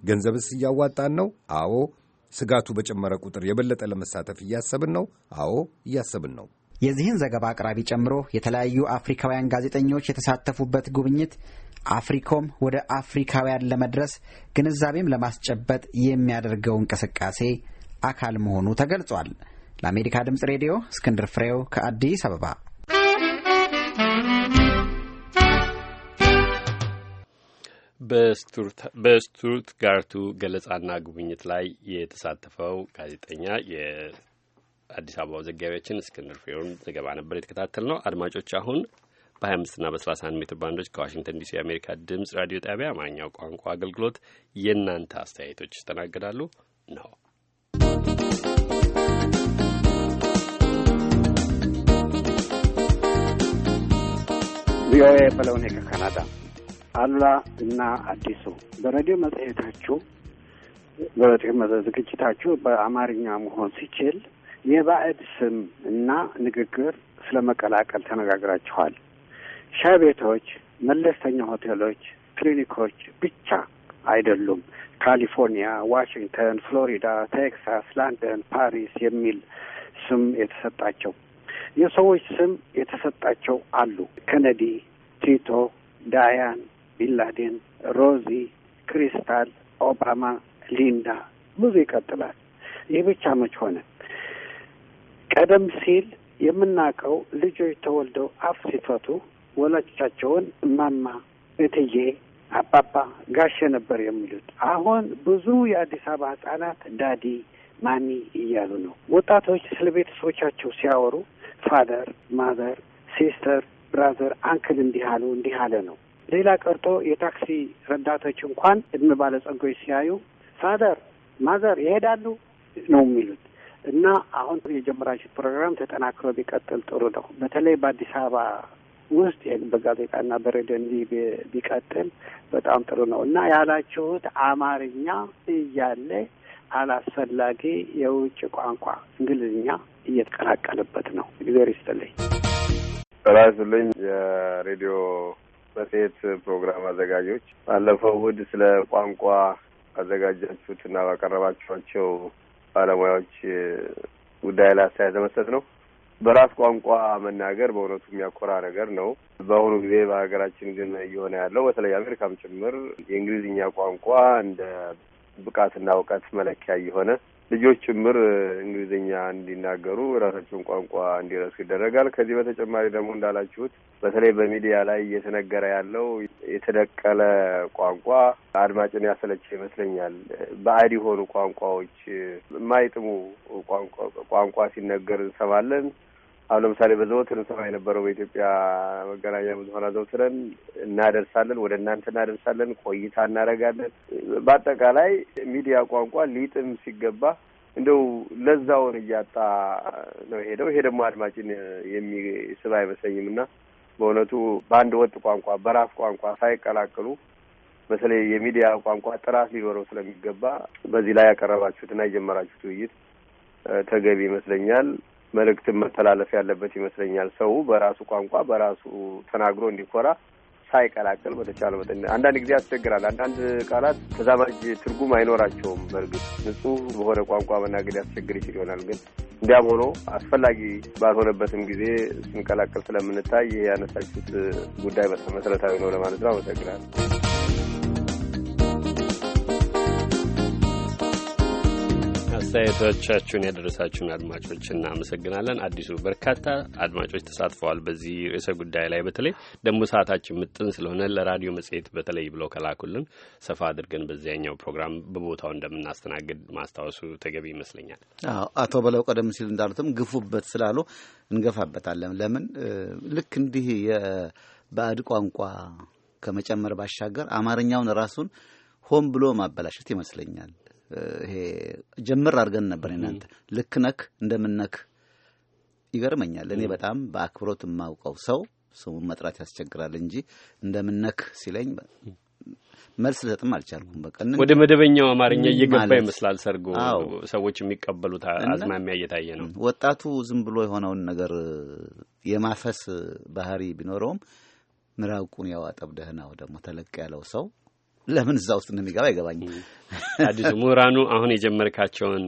ገንዘብስ እያዋጣን ነው። አዎ። ስጋቱ በጨመረ ቁጥር የበለጠ ለመሳተፍ እያሰብን ነው። አዎ እያሰብን ነው። የዚህን ዘገባ አቅራቢ ጨምሮ የተለያዩ አፍሪካውያን ጋዜጠኞች የተሳተፉበት ጉብኝት አፍሪኮም ወደ አፍሪካውያን ለመድረስ ግንዛቤም ለማስጨበጥ የሚያደርገው እንቅስቃሴ አካል መሆኑ ተገልጿል። ለአሜሪካ ድምፅ ሬዲዮ እስክንድር ፍሬው ከአዲስ አበባ በስቱትጋርቱ ገለጻና ጉብኝት ላይ የተሳተፈው ጋዜጠኛ የአዲስ አበባው ዘጋቢያችን እስክንድር ፍሬውን ዘገባ ነበር የተከታተል ነው። አድማጮች አሁን በ25 ና በ31 ሜትር ባንዶች ከዋሽንግተን ዲሲ የአሜሪካ ድምፅ ራዲዮ ጣቢያ አማርኛው ቋንቋ አገልግሎት የእናንተ አስተያየቶች ይስተናገዳሉ ነው ቪኦኤ በለውኔ ከካናዳ አሉላ እና አዲሱ በሬዲዮ መጽሔታችሁ በሬዲዮ ዝግጅታችሁ በአማርኛ መሆን ሲችል የባዕድ ስም እና ንግግር ስለ መቀላቀል ተነጋግራችኋል። ሻይ ቤቶች፣ መለስተኛ ሆቴሎች፣ ክሊኒኮች ብቻ አይደሉም። ካሊፎርኒያ፣ ዋሽንግተን፣ ፍሎሪዳ፣ ቴክሳስ፣ ላንደን፣ ፓሪስ የሚል ስም የተሰጣቸው የሰዎች ስም የተሰጣቸው አሉ። ከነዲ፣ ቲቶ፣ ዳያን፣ ቢንላዴን፣ ሮዚ፣ ክሪስታል፣ ኦባማ፣ ሊንዳ ብዙ ይቀጥላል። ይህ ብቻ መች ሆነ? ቀደም ሲል የምናውቀው ልጆች ተወልደው አፍ ሲፈቱ ወላጆቻቸውን እማማ፣ እትዬ፣ አባባ፣ ጋሼ ነበር የሚሉት። አሁን ብዙ የአዲስ አበባ ህጻናት ዳዲ ማሚ እያሉ ነው። ወጣቶች ስለ ቤተሰቦቻቸው ሲያወሩ ፋደር፣ ማዘር፣ ሲስተር፣ ብራዘር፣ አንክል እንዲህ አሉ እንዲህ አለ ነው። ሌላ ቀርቶ የታክሲ ረዳቶች እንኳን እድሜ ባለጸጎች ሲያዩ ፋዘር ማዘር ይሄዳሉ ነው የሚሉት። እና አሁን የጀመራችሁት ፕሮግራም ተጠናክሮ ቢቀጥል ጥሩ ነው። በተለይ በአዲስ አበባ ውስጥ ይህን በጋዜጣና በሬዲዮ እንዲህ ቢቀጥል በጣም ጥሩ ነው እና ያላችሁት አማርኛ እያለ አላስፈላጊ የውጭ ቋንቋ እንግሊዝኛ እየተቀላቀለበት ነው። እግዜር ይስጥልኝ። ጤና ይስጥልኝ። የሬዲዮ መጽሔት ፕሮግራም አዘጋጆች ባለፈው እሑድ ስለ ቋንቋ አዘጋጃችሁት እና ባቀረባችኋቸው ባለሙያዎች ጉዳይ ላይ አስተያየት ለመስጠት ነው። በራስ ቋንቋ መናገር በእውነቱ የሚያኮራ ነገር ነው። በአሁኑ ጊዜ በሀገራችን ግን እየሆነ ያለው በተለይ አሜሪካም ጭምር የእንግሊዝኛ ቋንቋ እንደ ብቃትና እውቀት መለኪያ እየሆነ ልጆች ጭምር እንግሊዝኛ እንዲናገሩ ራሳቸውን ቋንቋ እንዲረሱ ይደረጋል። ከዚህ በተጨማሪ ደግሞ እንዳላችሁት በተለይ በሚዲያ ላይ እየተነገረ ያለው የተደቀለ ቋንቋ አድማጭን ያሰለች ይመስለኛል። ባዕድ የሆኑ ቋንቋዎች፣ የማይጥሙ ቋንቋ ሲነገር እንሰማለን። አሁን ለምሳሌ በዘወትር ሰማ የነበረው በኢትዮጵያ መገናኛ ብዙኃን አዘውትረን እናደርሳለን፣ ወደ እናንተ እናደርሳለን፣ ቆይታ እናደርጋለን። በአጠቃላይ ሚዲያ ቋንቋ ሊጥም ሲገባ እንደው ለዛውን እያጣ ነው ሄደው። ይሄ ደግሞ አድማጭን የሚስብ አይመስለኝም እና በእውነቱ በአንድ ወጥ ቋንቋ በራስ ቋንቋ ሳይቀላቅሉ በተለይ የሚዲያ ቋንቋ ጥራት ሊኖረው ስለሚገባ በዚህ ላይ ያቀረባችሁትና የጀመራችሁት ውይይት ተገቢ ይመስለኛል። መልእክትም መተላለፍ ያለበት ይመስለኛል። ሰው በራሱ ቋንቋ በራሱ ተናግሮ እንዲኮራ ሳይቀላቀል በተቻለ መጠን አንዳንድ ጊዜ ያስቸግራል። አንዳንድ ቃላት ተዛማጅ ትርጉም አይኖራቸውም። በእርግጥ ንጹህ በሆነ ቋንቋ መናገድ ያስቸግር ይችል ይሆናል። ግን እንዲያም ሆኖ አስፈላጊ ባልሆነበትም ጊዜ ስንቀላቀል ስለምንታይ ይህ ያነሳችሁት ጉዳይ መሰረታዊ ነው ለማለት ነው። አመሰግናለሁ። አስተያየቶቻችሁን ያደረሳችሁን አድማጮች እናመሰግናለን። አዲሱ በርካታ አድማጮች ተሳትፈዋል በዚህ ርዕሰ ጉዳይ ላይ በተለይ ደግሞ ሰዓታችን ምጥን ስለሆነ ለራዲዮ መጽሔት በተለይ ብለው ከላኩልን ሰፋ አድርገን በዚያኛው ፕሮግራም በቦታው እንደምናስተናግድ ማስታወሱ ተገቢ ይመስለኛል። አዎ አቶ በለው ቀደም ሲል እንዳሉትም ግፉበት ስላሉ እንገፋበታለን። ለምን ልክ እንዲህ የባዕድ ቋንቋ ከመጨመር ባሻገር አማርኛውን ራሱን ሆን ብሎ ማበላሸት ይመስለኛል። ይሄ ጀምር አድርገን ነበር እናንተ ልክነክ እንደምነክ ይገርመኛል። እኔ በጣም በአክብሮት የማውቀው ሰው ስሙን መጥራት ያስቸግራል እንጂ እንደምነክ ሲለኝ መልስ ልሰጥም አልቻልኩም። በቃ ወደ መደበኛው አማርኛ እየገባ ይመስላል ሰርጎ ሰዎች የሚቀበሉት አዝማሚያ እየታየ ነው። ወጣቱ ዝም ብሎ የሆነውን ነገር የማፈስ ባህሪ ቢኖረውም ምራቁን ያዋጠብ ደህናው ደግሞ ተለቅ ያለው ሰው ለምን እዛ ውስጥ እንደሚገባ አይገባኝም። አዲሱ ምሁራኑ አሁን የጀመርካቸውን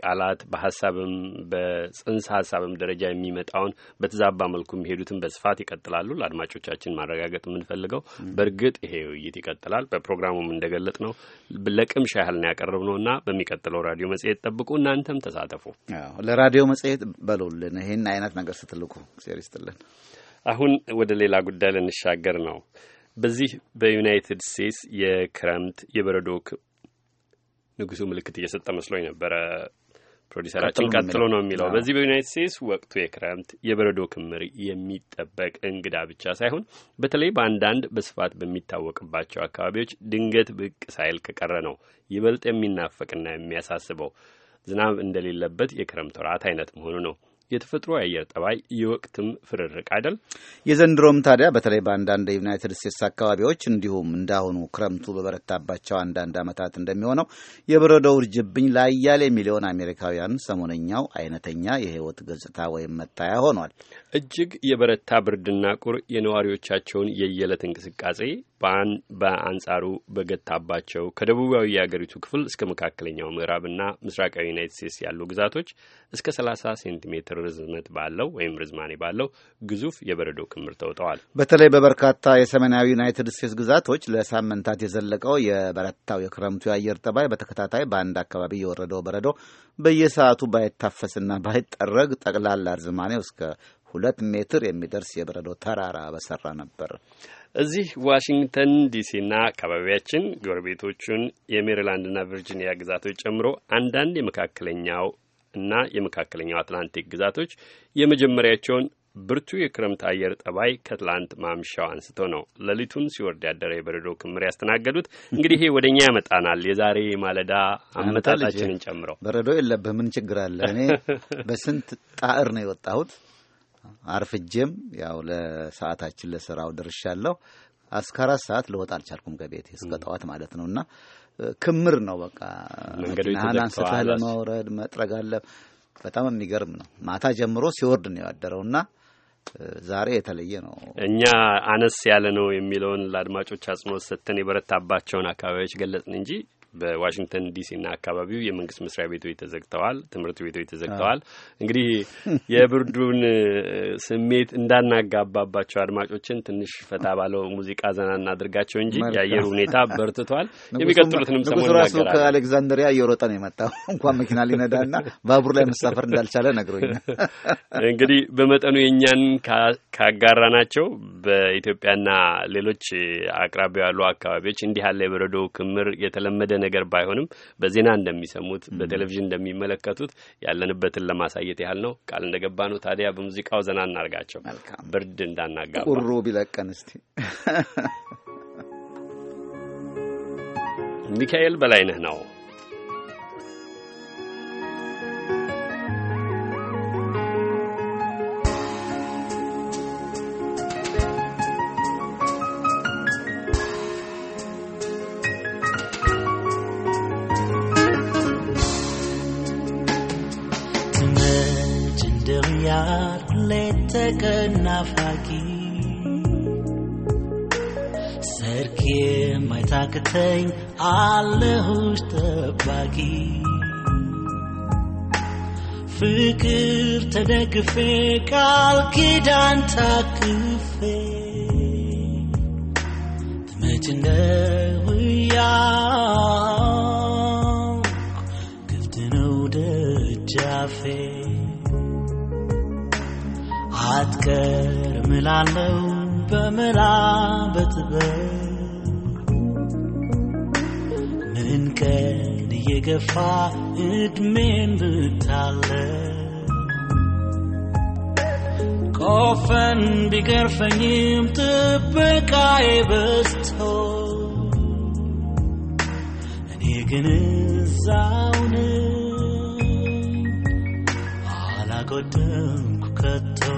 ቃላት በሀሳብም በጽንሰ ሀሳብም ደረጃ የሚመጣውን በተዛባ መልኩ የሚሄዱትን በስፋት ይቀጥላሉ። ለአድማጮቻችን ማረጋገጥ የምንፈልገው በእርግጥ ይሄ ውይይት ይቀጥላል። በፕሮግራሙም እንደገለጥ ነው ለቅምሻ ያህል ነው ያቀርብ ነው እና በሚቀጥለው ራዲዮ መጽሔት ጠብቁ። እናንተም ተሳተፉ። ለራዲዮ መጽሔት በሉልን። ይህን አይነት ነገር ስትልኩ ሴር ይስጥልን። አሁን ወደ ሌላ ጉዳይ ልንሻገር ነው። በዚህ በዩናይትድ ስቴትስ የክረምት የበረዶ ንጉሱ ምልክት እየሰጠ መስሎኝ ነበረ። ፕሮዲሰራችን ቀጥሎ ነው የሚለው። በዚህ በዩናይትድ ስቴትስ ወቅቱ የክረምት የበረዶ ክምር የሚጠበቅ እንግዳ ብቻ ሳይሆን በተለይ በአንዳንድ በስፋት በሚታወቅባቸው አካባቢዎች ድንገት ብቅ ሳይል ከቀረ ነው ይበልጥ የሚናፈቅና የሚያሳስበው ዝናብ እንደሌለበት የክረምት ወራት አይነት መሆኑ ነው። የተፈጥሮ የአየር ጠባይ የወቅትም ፍርርቅ አይደል? የዘንድሮም ታዲያ በተለይ በአንዳንድ የዩናይትድ ስቴትስ አካባቢዎች እንዲሁም እንዳሁኑ ክረምቱ በበረታባቸው አንዳንድ ዓመታት እንደሚሆነው የበረዶ ውርጅብኝ ለአያሌ ሚሊዮን አሜሪካውያን ሰሞነኛው አይነተኛ የህይወት ገጽታ ወይም መታያ ሆኗል። እጅግ የበረታ ብርድና ቁር የነዋሪዎቻቸውን የየዕለት እንቅስቃሴ በአንጻሩ በገታባቸው ከደቡባዊ የአገሪቱ ክፍል እስከ መካከለኛው ምዕራብና ምስራቃዊ ዩናይትድ ስቴትስ ያሉ ግዛቶች እስከ 30 ሴንቲሜትር ርዝመት ባለው ወይም ርዝማኔ ባለው ግዙፍ የበረዶ ክምር ተውጠዋል። በተለይ በበርካታ የሰሜናዊ ዩናይትድ ስቴትስ ግዛቶች ለሳምንታት የዘለቀው የበረታው የክረምቱ የአየር ጠባይ በተከታታይ በአንድ አካባቢ የወረደው በረዶ በየሰዓቱ ባይታፈስና ባይጠረግ ጠቅላላ ርዝማኔው እስከ ሁለት ሜትር የሚደርስ የበረዶ ተራራ በሰራ ነበር። እዚህ ዋሽንግተን ዲሲና አካባቢያችን ጎረቤቶቹን የሜሪላንድና ቨርጂኒያ ግዛቶች ጨምሮ አንዳንድ የመካከለኛው እና የመካከለኛው አትላንቲክ ግዛቶች የመጀመሪያቸውን ብርቱ የክረምት አየር ጠባይ ከትላንት ማምሻው አንስቶ ነው ሌሊቱን ሲወርድ ያደረ የበረዶ ክምር ያስተናገዱት። እንግዲህ ይሄ ወደ እኛ ያመጣናል። የዛሬ ማለዳ አመጣጣችንን ጨምረው በረዶ የለብህ ምን ችግር አለ? እኔ በስንት ጣዕር ነው የወጣሁት። አርፍጄም ያው ለሰዓታችን ለስራው ደርሻለሁ። እስከ አራት ሰዓት ልወጣ አልቻልኩም ከቤት እስከ ጠዋት ማለት ነው እና ክምር ነው። በቃ መኪናህን አንስተህ ለመውረድ መጥረግ አለ። በጣም የሚገርም ነው። ማታ ጀምሮ ሲወርድ ነው ያደረው እና ዛሬ የተለየ ነው። እኛ አነስ ያለ ነው የሚለውን ለአድማጮች አጽንኦት ሰጥተን የበረታባቸውን አካባቢዎች ገለጽን እንጂ በዋሽንግተን ዲሲና አካባቢው የመንግስት መስሪያ ቤቶች ተዘግተዋል፣ ትምህርት ቤቶች ተዘግተዋል። እንግዲህ የብርዱን ስሜት እንዳናጋባባቸው አድማጮችን ትንሽ ፈታ ባለው ሙዚቃ ዘና እናድርጋቸው እንጂ የአየሩ ሁኔታ በርትቷል። የሚቀጥሉትንም ሰሞኑን ራሱ ከአሌክዛንድሪያ እየሮጠ ነው የመጣው እንኳን መኪና ሊነዳ ሊነዳና ባቡር ላይ መሳፈር እንዳልቻለ ነግሮኛል። እንግዲህ በመጠኑ የእኛን ካጋራ ናቸው በኢትዮጵያና ሌሎች አቅራቢያ ያሉ አካባቢዎች እንዲህ ያለ የበረዶ ክምር የተለመደ ነገር ነገር ባይሆንም በዜና እንደሚሰሙት በቴሌቪዥን እንደሚመለከቱት ያለንበትን ለማሳየት ያህል ነው። ቃል እንደገባ ነው። ታዲያ በሙዚቃው ዘና እናርጋቸው፣ ብርድ እንዳናጋባ ቁሩ ቢለቀን እስቲ ሚካኤል በላይነህ ነው። yard late nafaki serke my takatang allahusta baki fikir tadak fe kal kidan takufe tmetinda ya Jaffee አትቀርም እላለሁ በምላ በትበል ምን ቀን እየገፋ እድሜን ብታለ ቆፈን ቢገርፈኝም ጥበቃዬ በዝቶ እኔ ግን እዛውን አላጎደምኩ ከቶ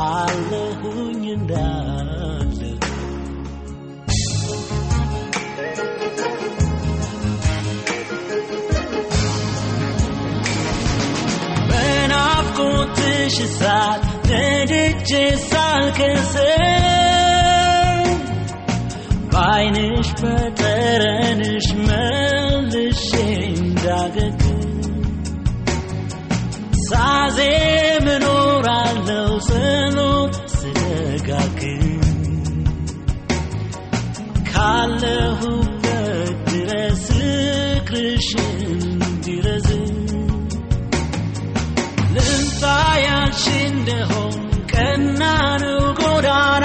Allah'ın dalı Ben afkutış sal Dedikçe sal kesin Bayniş betereniş Melişin dagı ሳዜ ምኖራለው ጸሎት ስደጋግም ካለሁበት ድረስ ፍቅርሽን እንዲረዝም ልምጣ ያንቺ እንደሆን ቀናን ነው ጎዳና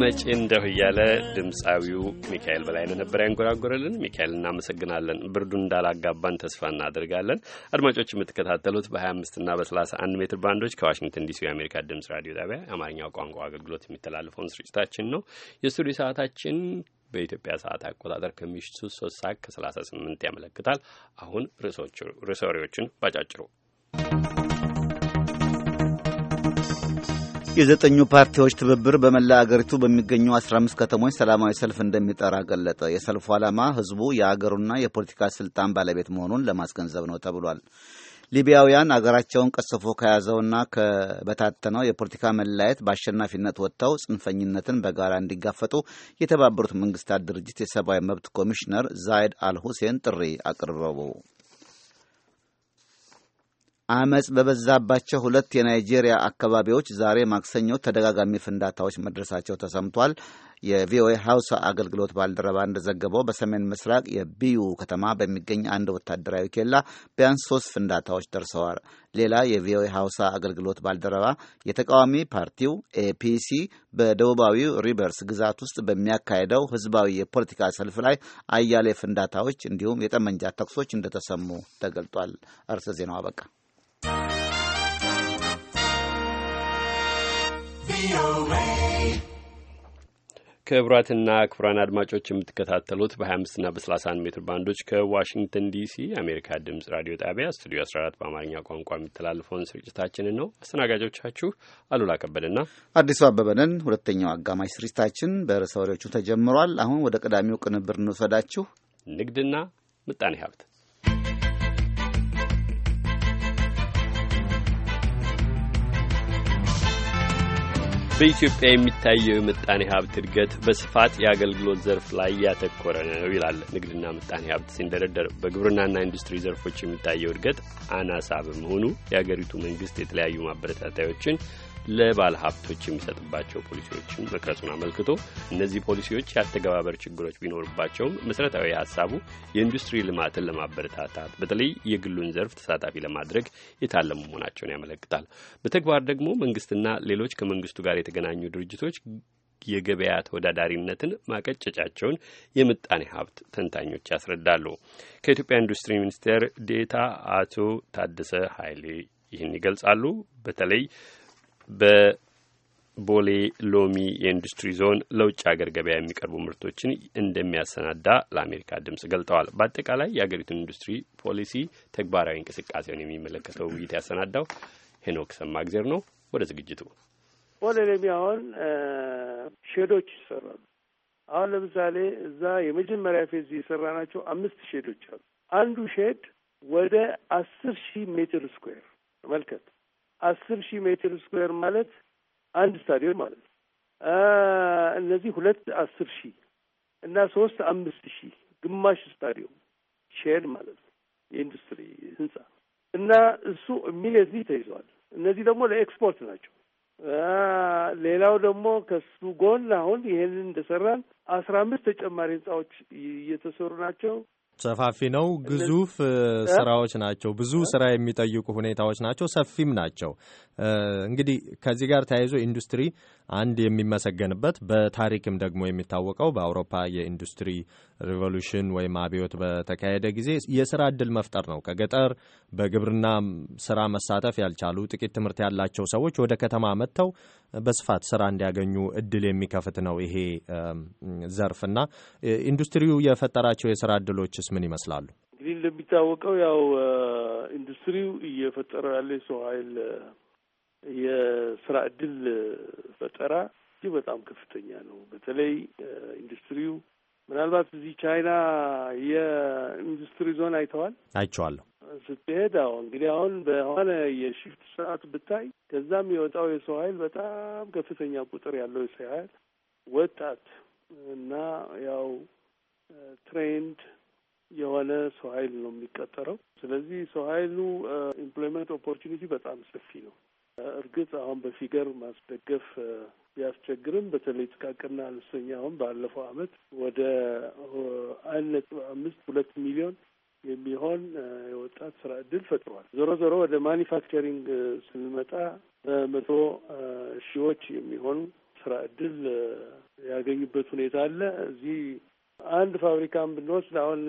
መቼ እንደሁ እያለ ድምፃዊው ሚካኤል በላይነህ ነበር ያንጎራጎረልን። ሚካኤል እናመሰግናለን። ብርዱን እንዳላጋባን ተስፋ እናደርጋለን። አድማጮች የምትከታተሉት በ25 ና በ31 ሜትር ባንዶች ከዋሽንግተን ዲሲ የአሜሪካ ድምፅ ራዲዮ ጣቢያ የአማርኛው ቋንቋ አገልግሎት የሚተላለፈውን ስርጭታችን ነው። የስቱዲዮ ሰዓታችን በኢትዮጵያ ሰዓት አቆጣጠር ከምሽቱ 3 ሰዓት ከ38 ያመለክታል። አሁን ርዕሰ ወሬዎችን ባጫጭሩ የዘጠኙ ፓርቲዎች ትብብር በመላ አገሪቱ በሚገኙ 15 ከተሞች ሰላማዊ ሰልፍ እንደሚጠራ ገለጠ። የሰልፉ ዓላማ ህዝቡ የአገሩና የፖለቲካ ስልጣን ባለቤት መሆኑን ለማስገንዘብ ነው ተብሏል። ሊቢያውያን አገራቸውን ቀስፎ ከያዘውና ከበታተነው የፖለቲካ መለያየት በአሸናፊነት ወጥተው ጽንፈኝነትን በጋራ እንዲጋፈጡ የተባበሩት መንግስታት ድርጅት የሰብአዊ መብት ኮሚሽነር ዛይድ አልሁሴን ጥሪ አቅርበው አመፅ በበዛባቸው ሁለት የናይጄሪያ አካባቢዎች ዛሬ ማክሰኞ ተደጋጋሚ ፍንዳታዎች መድረሳቸው ተሰምቷል። የቪኦኤ ሀውስ አገልግሎት ባልደረባ እንደዘገበው በሰሜን ምስራቅ የቢዩ ከተማ በሚገኝ አንድ ወታደራዊ ኬላ ቢያንስ ሶስት ፍንዳታዎች ደርሰዋል። ሌላ የቪኦኤ ሀውስ አገልግሎት ባልደረባ የተቃዋሚ ፓርቲው ኤፒሲ በደቡባዊው ሪቨርስ ግዛት ውስጥ በሚያካሄደው ህዝባዊ የፖለቲካ ሰልፍ ላይ አያሌ ፍንዳታዎች እንዲሁም የጠመንጃ ተኩሶች እንደተሰሙ ተገልጧል። እርስ ዜናው አበቃ። ክቡራትና ክቡራን አድማጮች የምትከታተሉት በ25ና በ31 ሜትር ባንዶች ከዋሽንግተን ዲሲ የአሜሪካ ድምፅ ራዲዮ ጣቢያ ስቱዲዮ 14 በአማርኛ ቋንቋ የሚተላልፈውን ስርጭታችንን ነው። አስተናጋጆቻችሁ አሉላ ከበደና አዲሱ አበበንን። ሁለተኛው አጋማሽ ስርጭታችን በርዕሰ ወሬዎቹ ተጀምሯል። አሁን ወደ ቀዳሚው ቅንብር እንውሰዳችሁ። ንግድና ምጣኔ ሀብት በኢትዮጵያ የሚታየው የምጣኔ ሀብት እድገት በስፋት የአገልግሎት ዘርፍ ላይ ያተኮረ ነው ይላል ንግድና ምጣኔ ሀብት ሲንደረደር። በግብርናና ኢንዱስትሪ ዘርፎች የሚታየው እድገት አናሳ በመሆኑ የአገሪቱ መንግስት የተለያዩ ማበረታታዮችን ለባለ ሀብቶች የሚሰጥባቸው ፖሊሲዎችን መቅረጹን አመልክቶ እነዚህ ፖሊሲዎች የአተገባበር ችግሮች ቢኖርባቸውም መሠረታዊ ሀሳቡ የኢንዱስትሪ ልማትን ለማበረታታት በተለይ የግሉን ዘርፍ ተሳታፊ ለማድረግ የታለሙ መሆናቸውን ያመለክታል። በተግባር ደግሞ መንግስትና ሌሎች ከመንግስቱ ጋር የተገናኙ ድርጅቶች የገበያ ተወዳዳሪነትን ማቀጨጫቸውን የምጣኔ ሀብት ተንታኞች ያስረዳሉ። ከኢትዮጵያ ኢንዱስትሪ ሚኒስቴር ዴታ አቶ ታደሰ ኃይሌ ይህን ይገልጻሉ። በተለይ በቦሌ ሎሚ የኢንዱስትሪ ዞን ለውጭ ሀገር ገበያ የሚቀርቡ ምርቶችን እንደሚያሰናዳ ለአሜሪካ ድምጽ ገልጠዋል። በአጠቃላይ የአገሪቱን ኢንዱስትሪ ፖሊሲ ተግባራዊ እንቅስቃሴውን የሚመለከተው ውይይት ያሰናዳው ሄኖክ ሰማግዜር ነው። ወደ ዝግጅቱ ቦሌ ሎሚ አሁን ሼዶች ይሰራሉ። አሁን ለምሳሌ እዛ የመጀመሪያ ፌዝ የሰራ ናቸው አምስት ሼዶች አሉ። አንዱ ሼድ ወደ አስር ሺህ ሜትር ስኩዌር መልከት አስር ሺህ ሜትር ስኩዌር ማለት አንድ ስታዲየም ማለት ነው። እነዚህ ሁለት አስር ሺህ እና ሶስት አምስት ሺህ ግማሽ ስታዲየም ሼድ ማለት ነው የኢንዱስትሪ ህንጻ እና እሱ ኢሚዲየትሊ ተይዘዋል። እነዚህ ደግሞ ለኤክስፖርት ናቸው። ሌላው ደግሞ ከሱ ጎን አሁን ይሄንን እንደሰራን አስራ አምስት ተጨማሪ ህንጻዎች እየተሰሩ ናቸው። ሰፋፊ ነው። ግዙፍ ስራዎች ናቸው። ብዙ ስራ የሚጠይቁ ሁኔታዎች ናቸው። ሰፊም ናቸው። እንግዲህ ከዚህ ጋር ተያይዞ ኢንዱስትሪ አንድ የሚመሰገንበት በታሪክም ደግሞ የሚታወቀው በአውሮፓ የኢንዱስትሪ ሪቮሉሽን ወይም አብዮት በተካሄደ ጊዜ የስራ እድል መፍጠር ነው። ከገጠር በግብርና ስራ መሳተፍ ያልቻሉ ጥቂት ትምህርት ያላቸው ሰዎች ወደ ከተማ መጥተው በስፋት ስራ እንዲያገኙ እድል የሚከፍት ነው ይሄ ዘርፍ እና ኢንዱስትሪው የፈጠራቸው የስራ እድሎችስ ምን ይመስላሉ? እንግዲህ እንደሚታወቀው ያው ኢንዱስትሪው እየፈጠረ ያለ የሰው ኃይል የስራ እድል ፈጠራ እጅግ በጣም ከፍተኛ ነው። በተለይ ኢንዱስትሪው ምናልባት እዚህ ቻይና የኢንዱስትሪ ዞን አይተዋል? አይቼዋለሁ። ስትሄድ አሁ እንግዲህ አሁን በሆነ የሽፍት ሰዓት ብታይ ከዛም የሚወጣው የሰው ኃይል በጣም ከፍተኛ ቁጥር ያለው የሰው ኃይል ወጣት እና ያው ትሬንድ የሆነ ሰው ኃይል ነው የሚቀጠረው። ስለዚህ ሰው ኃይሉ ኢምፕሎይመንት ኦፖርቹኒቲ በጣም ሰፊ ነው። እርግጥ አሁን በፊገር ማስደገፍ ቢያስቸግርም በተለይ ጥቃቅና አነስተኛ አሁን ባለፈው ዓመት ወደ አንድ ነጥብ አምስት ሁለት ሚሊዮን የሚሆን የወጣት ስራ እድል ፈጥሯል። ዞሮ ዞሮ ወደ ማኒፋክቸሪንግ ስንመጣ በመቶ ሺዎች የሚሆኑ ስራ እድል ያገኙበት ሁኔታ አለ። እዚህ አንድ ፋብሪካን ብንወስድ አሁን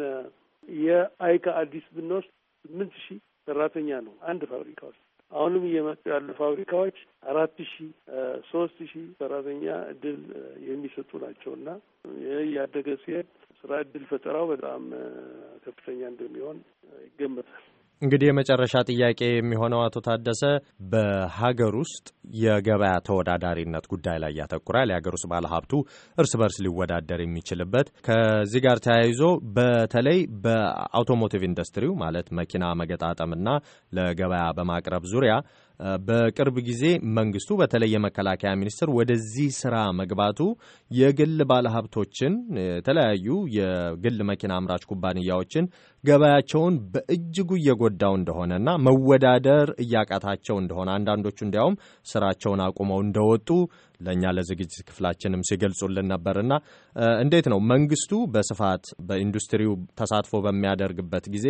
የአይካ አዲስ ብንወስድ ስምንት ሺህ ሰራተኛ ነው አንድ ፋብሪካ ውስጥ አሁንም እየመጡ ያሉ ፋብሪካዎች አራት ሺህ ሶስት ሺህ ሰራተኛ እድል የሚሰጡ ናቸው እና ይህ እያደገ ሲሄድ ስራ እድል ፈጠራው በጣም ከፍተኛ እንደሚሆን ይገመታል። እንግዲህ የመጨረሻ ጥያቄ የሚሆነው አቶ ታደሰ በሀገር ውስጥ የገበያ ተወዳዳሪነት ጉዳይ ላይ ያተኩራል። የሀገር ውስጥ ባለሀብቱ እርስ በርስ ሊወዳደር የሚችልበት ከዚህ ጋር ተያይዞ በተለይ በአውቶሞቲቭ ኢንዱስትሪው ማለት መኪና መገጣጠምና ለገበያ በማቅረብ ዙሪያ በቅርብ ጊዜ መንግስቱ በተለይ የመከላከያ ሚኒስትር ወደዚህ ስራ መግባቱ የግል ባለሀብቶችን የተለያዩ የግል መኪና አምራች ኩባንያዎችን ገበያቸውን በእጅጉ እየጎዳው እንደሆነና መወዳደር እያቃታቸው እንደሆነ አንዳንዶቹ እንዲያውም ስራቸውን አቁመው እንደወጡ ለእኛ ለዝግጅት ክፍላችንም ሲገልጹልን ነበርና እንዴት ነው መንግስቱ በስፋት በኢንዱስትሪው ተሳትፎ በሚያደርግበት ጊዜ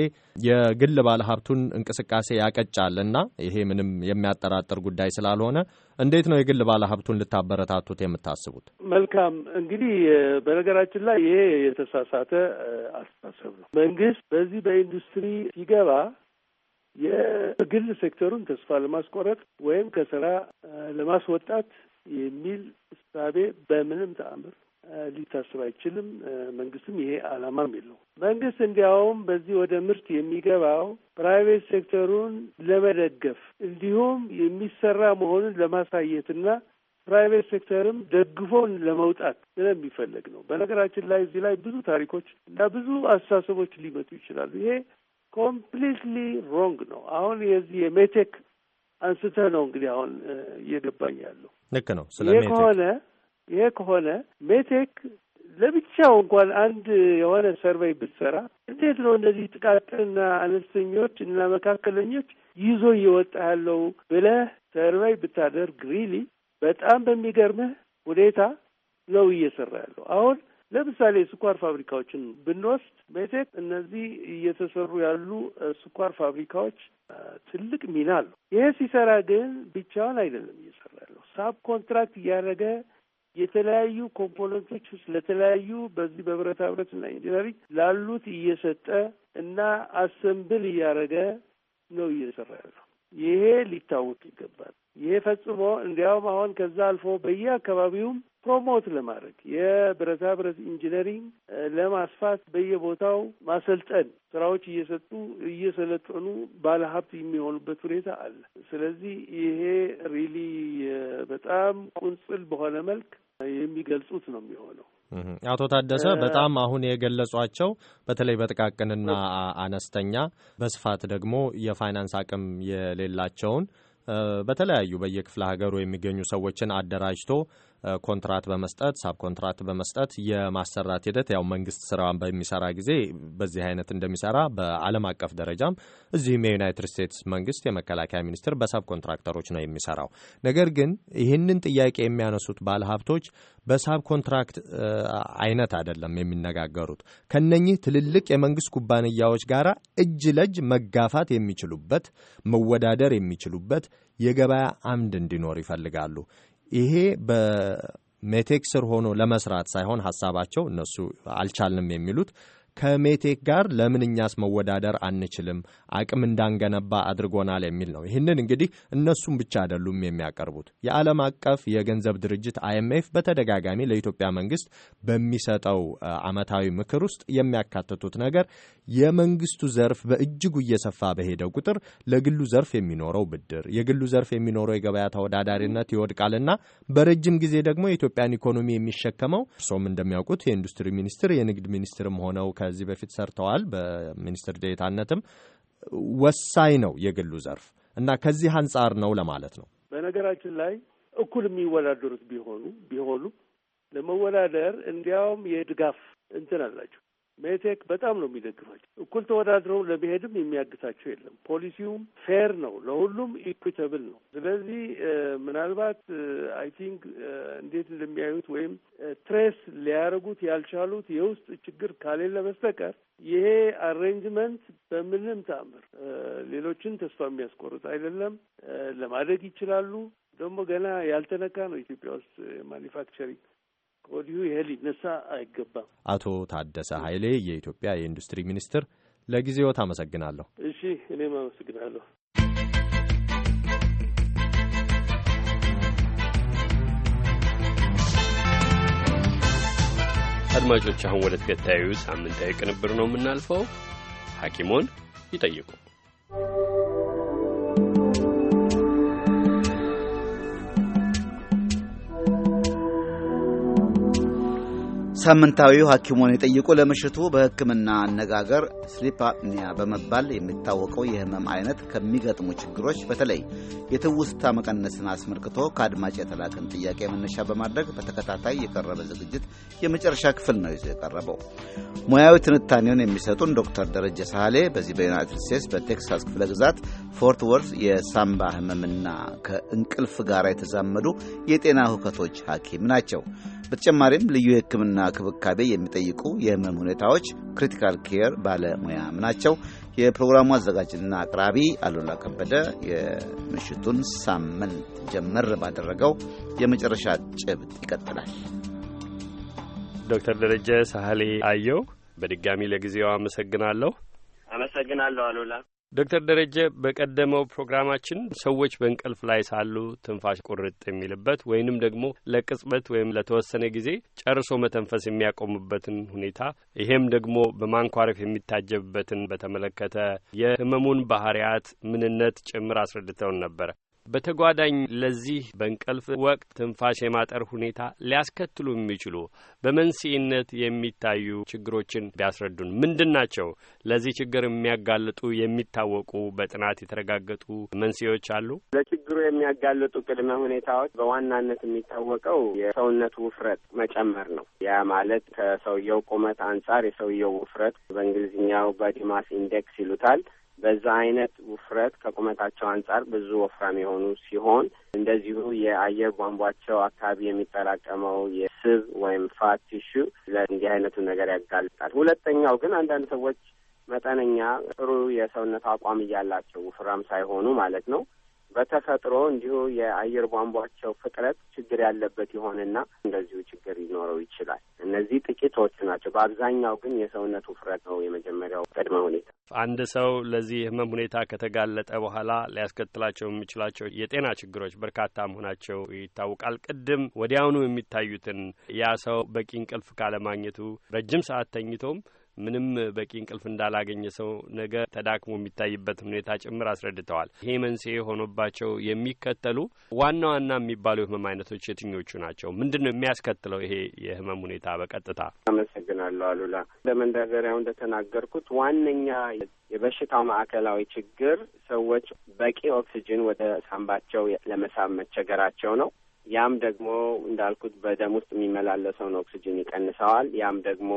የግል ባለሀብቱን እንቅስቃሴ ያቀጫል እና ይሄ ምንም የሚያጠራጥር ጉዳይ ስላልሆነ እንዴት ነው የግል ባለሀብቱን ልታበረታቱት የምታስቡት? መልካም እንግዲህ በነገራችን ላይ ይሄ የተሳሳተ አስተሳሰብ ነው። መንግስት በዚህ በኢንዱስትሪ ሲገባ የግል ሴክተሩን ተስፋ ለማስቆረጥ ወይም ከስራ ለማስወጣት የሚል እሳቤ በምንም ተአምር ሊታስብ አይችልም። መንግስትም ይሄ አላማም የለው። መንግስት እንዲያውም በዚህ ወደ ምርት የሚገባው ፕራይቬት ሴክተሩን ለመደገፍ እንዲሁም የሚሰራ መሆኑን ለማሳየትና ፕራይቬት ሴክተርም ደግፎን ለመውጣት ስለሚፈለግ ነው። በነገራችን ላይ እዚህ ላይ ብዙ ታሪኮች እና ብዙ አስተሳሰቦች ሊመጡ ይችላሉ። ይሄ ኮምፕሊትሊ ሮንግ ነው። አሁን የዚህ የሜቴክ አንስተ ነው እንግዲህ አሁን እየገባኝ ያለው። ልክ ነው። ስለ ይሄ ከሆነ ይሄ ከሆነ ሜቴክ ለብቻው እንኳን አንድ የሆነ ሰርቬይ ብትሰራ እንዴት ነው እነዚህ ጥቃቅንና አነስተኞች እና መካከለኞች ይዞ እየወጣ ያለው ብለህ ሰርቬይ ብታደርግ ሪሊ በጣም በሚገርምህ ሁኔታ ነው እየሰራ ያለው አሁን ለምሳሌ ስኳር ፋብሪካዎችን ብንወስድ በኢፌክት እነዚህ እየተሰሩ ያሉ ስኳር ፋብሪካዎች ትልቅ ሚና አለው። ይሄ ሲሰራ ግን ብቻውን አይደለም እየሰራ ያለው ሳብ ኮንትራክት እያደረገ የተለያዩ ኮምፖነንቶች ውስጥ ለተለያዩ በዚህ በብረታ ብረትና ኢንጂነሪንግ ላሉት እየሰጠ እና አሰምብል እያደረገ ነው እየሰራ ያለው። ይሄ ሊታወቅ ይገባል። ይሄ ፈጽሞ እንዲያውም አሁን ከዛ አልፎ በየአካባቢውም ፕሮሞት ለማድረግ የብረታ ብረት ኢንጂነሪንግ ለማስፋት በየቦታው ማሰልጠን ስራዎች እየሰጡ እየሰለጠኑ ሀብት የሚሆኑበት ሁኔታ አለ። ስለዚህ ይሄ ሪሊ በጣም ቁንጽል በሆነ መልክ የሚገልጹት ነው የሚሆነው። አቶ ታደሰ በጣም አሁን የገለጿቸው በተለይ በጥቃቅንና አነስተኛ በስፋት ደግሞ የፋይናንስ አቅም የሌላቸውን በተለያዩ በየክፍለ ሀገሩ የሚገኙ ሰዎችን አደራጅቶ ኮንትራት በመስጠት ሳብ ኮንትራት በመስጠት የማሰራት ሂደት ያው መንግስት ስራዋን በሚሰራ ጊዜ በዚህ አይነት እንደሚሰራ በዓለም አቀፍ ደረጃም እዚህም የዩናይትድ ስቴትስ መንግስት የመከላከያ ሚኒስትር በሳብ ኮንትራክተሮች ነው የሚሰራው። ነገር ግን ይህንን ጥያቄ የሚያነሱት ባለሀብቶች በሳብ ኮንትራክት አይነት አይደለም የሚነጋገሩት ከነኚህ ትልልቅ የመንግስት ኩባንያዎች ጋር እጅ ለእጅ መጋፋት የሚችሉበት መወዳደር የሚችሉበት የገበያ አምድ እንዲኖር ይፈልጋሉ። ይሄ በሜቴክ ስር ሆኖ ለመስራት ሳይሆን ሀሳባቸው እነሱ አልቻልንም የሚሉት ከሜቴክ ጋር ለምን እኛስ መወዳደር አንችልም? አቅም እንዳንገነባ አድርጎናል የሚል ነው። ይህንን እንግዲህ እነሱም ብቻ አይደሉም የሚያቀርቡት። የዓለም አቀፍ የገንዘብ ድርጅት አይኤምኤፍ በተደጋጋሚ ለኢትዮጵያ መንግስት በሚሰጠው ዓመታዊ ምክር ውስጥ የሚያካትቱት ነገር የመንግስቱ ዘርፍ በእጅጉ እየሰፋ በሄደ ቁጥር ለግሉ ዘርፍ የሚኖረው ብድር፣ የግሉ ዘርፍ የሚኖረው የገበያ ተወዳዳሪነት ይወድቃልና በረጅም ጊዜ ደግሞ የኢትዮጵያን ኢኮኖሚ የሚሸከመው እርሶም እንደሚያውቁት የኢንዱስትሪ ሚኒስትር የንግድ ሚኒስትርም ሆነው ከዚህ በፊት ሰርተዋል በሚኒስትር ዴታነትም ወሳኝ ነው የግሉ ዘርፍ እና ከዚህ አንጻር ነው ለማለት ነው። በነገራችን ላይ እኩል የሚወዳደሩት ቢሆኑ ቢሆኑ ለመወዳደር እንዲያውም የድጋፍ እንትን አላቸው ሜቴክ በጣም ነው የሚደግፋቸው። እኩል ተወዳድረው ለመሄድም የሚያግታቸው የለም። ፖሊሲውም ፌር ነው፣ ለሁሉም ኢኩተብል ነው። ስለዚህ ምናልባት አይ ቲንክ እንዴት እንደሚያዩት ወይም ትሬስ ሊያደርጉት ያልቻሉት የውስጥ ችግር ካሌለ በስተቀር ይሄ አሬንጅመንት በምንም ተአምር ሌሎችን ተስፋ የሚያስቆርጥ አይደለም። ለማደግ ይችላሉ። ደግሞ ገና ያልተነካ ነው ኢትዮጵያ ውስጥ ማኒፋክቸሪንግ ከወዲሁ ይሄ ሊነሳ አይገባም። አቶ ታደሰ ኃይሌ የኢትዮጵያ የኢንዱስትሪ ሚኒስትር፣ ለጊዜዎት አመሰግናለሁ። እሺ እኔም አመሰግናለሁ። አድማጮች አሁን ወደ ተከታዩ ሳምንታዊ ቅንብር ነው የምናልፈው። ሐኪሞን ይጠይቁ ሳምንታዊው ሐኪሙን የጠይቁ ለምሽቱ በሕክምና አነጋገር ስሊፓፕኒያ በመባል የሚታወቀው የህመም አይነት ከሚገጥሙ ችግሮች በተለይ የትውስታ መቀነስን አስመልክቶ ከአድማጭ የተላከን ጥያቄ መነሻ በማድረግ በተከታታይ የቀረበ ዝግጅት የመጨረሻ ክፍል ነው ይዞ የቀረበው። ሙያዊ ትንታኔውን የሚሰጡን ዶክተር ደረጀ ሳህሌ በዚህ በዩናይትድ ስቴትስ በቴክሳስ ክፍለ ግዛት ፎርት ወርዝ የሳምባ ህመምና ከእንቅልፍ ጋር የተዛመዱ የጤና ሁከቶች ሐኪም ናቸው። በተጨማሪም ልዩ የሕክምና ክብካቤ የሚጠይቁ የህመም ሁኔታዎች ክሪቲካል ኬር ባለሙያ ናቸው። የፕሮግራሙ አዘጋጅና አቅራቢ አሉላ ከበደ የምሽቱን ሳምንት ጀመር ባደረገው የመጨረሻ ጭብጥ ይቀጥላል። ዶክተር ደረጀ ሳህሌ አየው በድጋሚ ለጊዜው አመሰግናለሁ። አመሰግናለሁ አሉላ። ዶክተር ደረጀ በቀደመው ፕሮግራማችን ሰዎች በእንቅልፍ ላይ ሳሉ ትንፋሽ ቁርጥ የሚልበት ወይንም ደግሞ ለቅጽበት ወይም ለተወሰነ ጊዜ ጨርሶ መተንፈስ የሚያቆሙበትን ሁኔታ ይሄም ደግሞ በማንኳረፍ የሚታጀብበትን በተመለከተ የህመሙን ባህሪያት ምንነት ጭምር አስረድተውን ነበረ። በተጓዳኝ ለዚህ በእንቅልፍ ወቅት ትንፋሽ የማጠር ሁኔታ ሊያስከትሉ የሚችሉ በመንስኤነት የሚታዩ ችግሮችን ቢያስረዱን ምንድን ናቸው? ለዚህ ችግር የሚያጋልጡ የሚታወቁ በጥናት የተረጋገጡ መንስኤዎች አሉ? ለችግሩ የሚያጋልጡ ቅድመ ሁኔታዎች በዋናነት የሚታወቀው የሰውነት ውፍረት መጨመር ነው። ያ ማለት ከሰውየው ቁመት አንጻር የሰውየው ውፍረት በእንግሊዝኛው ባዲ ማስ ኢንዴክስ ይሉታል። በዛ አይነት ውፍረት ከቁመታቸው አንጻር ብዙ ወፍራም የሆኑ ሲሆን እንደዚሁ የአየር ቧንቧቸው አካባቢ የሚጠራቀመው የስብ ወይም ፋት ቲሹ ለእንዲህ አይነቱ ነገር ያጋልጣል። ሁለተኛው ግን አንዳንድ ሰዎች መጠነኛ ጥሩ የሰውነት አቋም እያላቸው ውፍራም ሳይሆኑ ማለት ነው በተፈጥሮ እንዲሁ የአየር ቧንቧቸው ፍጥረት ችግር ያለበት ይሆንና እንደዚሁ ችግር ሊኖረው ይችላል። እነዚህ ጥቂቶች ናቸው። በአብዛኛው ግን የሰውነት ውፍረት ነው የመጀመሪያው ቅድመ ሁኔታ። አንድ ሰው ለዚህ ህመም ሁኔታ ከተጋለጠ በኋላ ሊያስከትላቸው የሚችላቸው የጤና ችግሮች በርካታ መሆናቸው ይታወቃል። ቅድም ወዲያውኑ የሚታዩትን ያ ሰው በቂ እንቅልፍ ካለማግኘቱ፣ ረጅም ሰዓት ተኝቶም ምንም በቂ እንቅልፍ እንዳላገኘ ሰው ነገ ተዳክሞ የሚታይበት ሁኔታ ጭምር አስረድተዋል። ይሄ መንስኤ ሆኖባቸው የሚከተሉ ዋና ዋና የሚባሉ የህመም አይነቶች የትኞቹ ናቸው? ምንድን ነው የሚያስከትለው ይሄ የህመም ሁኔታ በቀጥታ? አመሰግናለሁ አሉላ። ለመንደርደሪያው እንደተናገርኩት ዋነኛ የበሽታው ማዕከላዊ ችግር ሰዎች በቂ ኦክሲጅን ወደ ሳምባቸው ለመሳብ መቸገራቸው ነው። ያም ደግሞ እንዳልኩት በደም ውስጥ የሚመላለሰውን ኦክሲጅን ይቀንሰዋል። ያም ደግሞ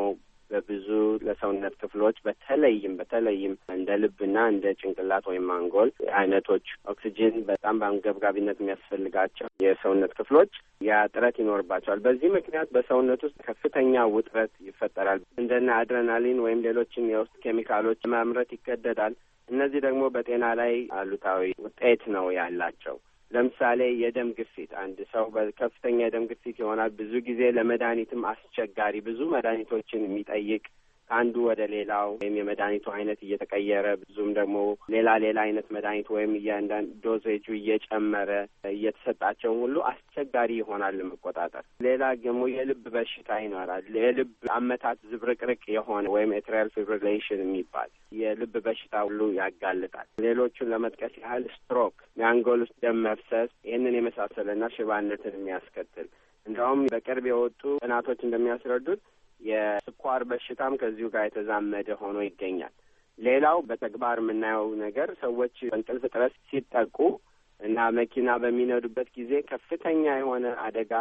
በብዙ ለሰውነት ክፍሎች በተለይም በተለይም እንደ ልብና እንደ ጭንቅላት ወይም ማንጎል አይነቶች ኦክሲጅን በጣም በአንገብጋቢነት የሚያስፈልጋቸው የሰውነት ክፍሎች ያ ጥረት ይኖርባቸዋል። በዚህ ምክንያት በሰውነት ውስጥ ከፍተኛ ውጥረት ይፈጠራል። እንደነ አድረናሊን ወይም ሌሎችን የውስጥ ኬሚካሎች ማምረት ይገደዳል። እነዚህ ደግሞ በጤና ላይ አሉታዊ ውጤት ነው ያላቸው። ለምሳሌ የደም ግፊት አንድ ሰው በከፍተኛ የደም ግፊት ይሆናል። ብዙ ጊዜ ለመድኃኒትም አስቸጋሪ ብዙ መድኃኒቶችን የሚጠይቅ ከአንዱ ወደ ሌላው ወይም የመድኃኒቱ አይነት እየተቀየረ ብዙም ደግሞ ሌላ ሌላ አይነት መድኃኒት ወይም እያንዳንድ ዶዜጁ እየጨመረ እየተሰጣቸውን ሁሉ አስቸጋሪ ይሆናል ለመቆጣጠር። ሌላ ደግሞ የልብ በሽታ ይኖራል። የልብ አመታት ዝብርቅርቅ የሆነ ወይም ኤትሪያል ፊብሪሌሽን የሚባል የልብ በሽታ ሁሉ ያጋልጣል። ሌሎቹን ለመጥቀስ ያህል ስትሮክ፣ የአንጎል ውስጥ ደም መፍሰስ፣ ይህንን የመሳሰለና ሽባነትን የሚያስከትል እንደውም በቅርብ የወጡ ጥናቶች እንደሚያስረዱት የስኳር በሽታም ከዚሁ ጋር የተዛመደ ሆኖ ይገኛል። ሌላው በተግባር የምናየው ነገር ሰዎች በእንቅልፍ እጥረት ሲጠቁ እና መኪና በሚነዱበት ጊዜ ከፍተኛ የሆነ አደጋ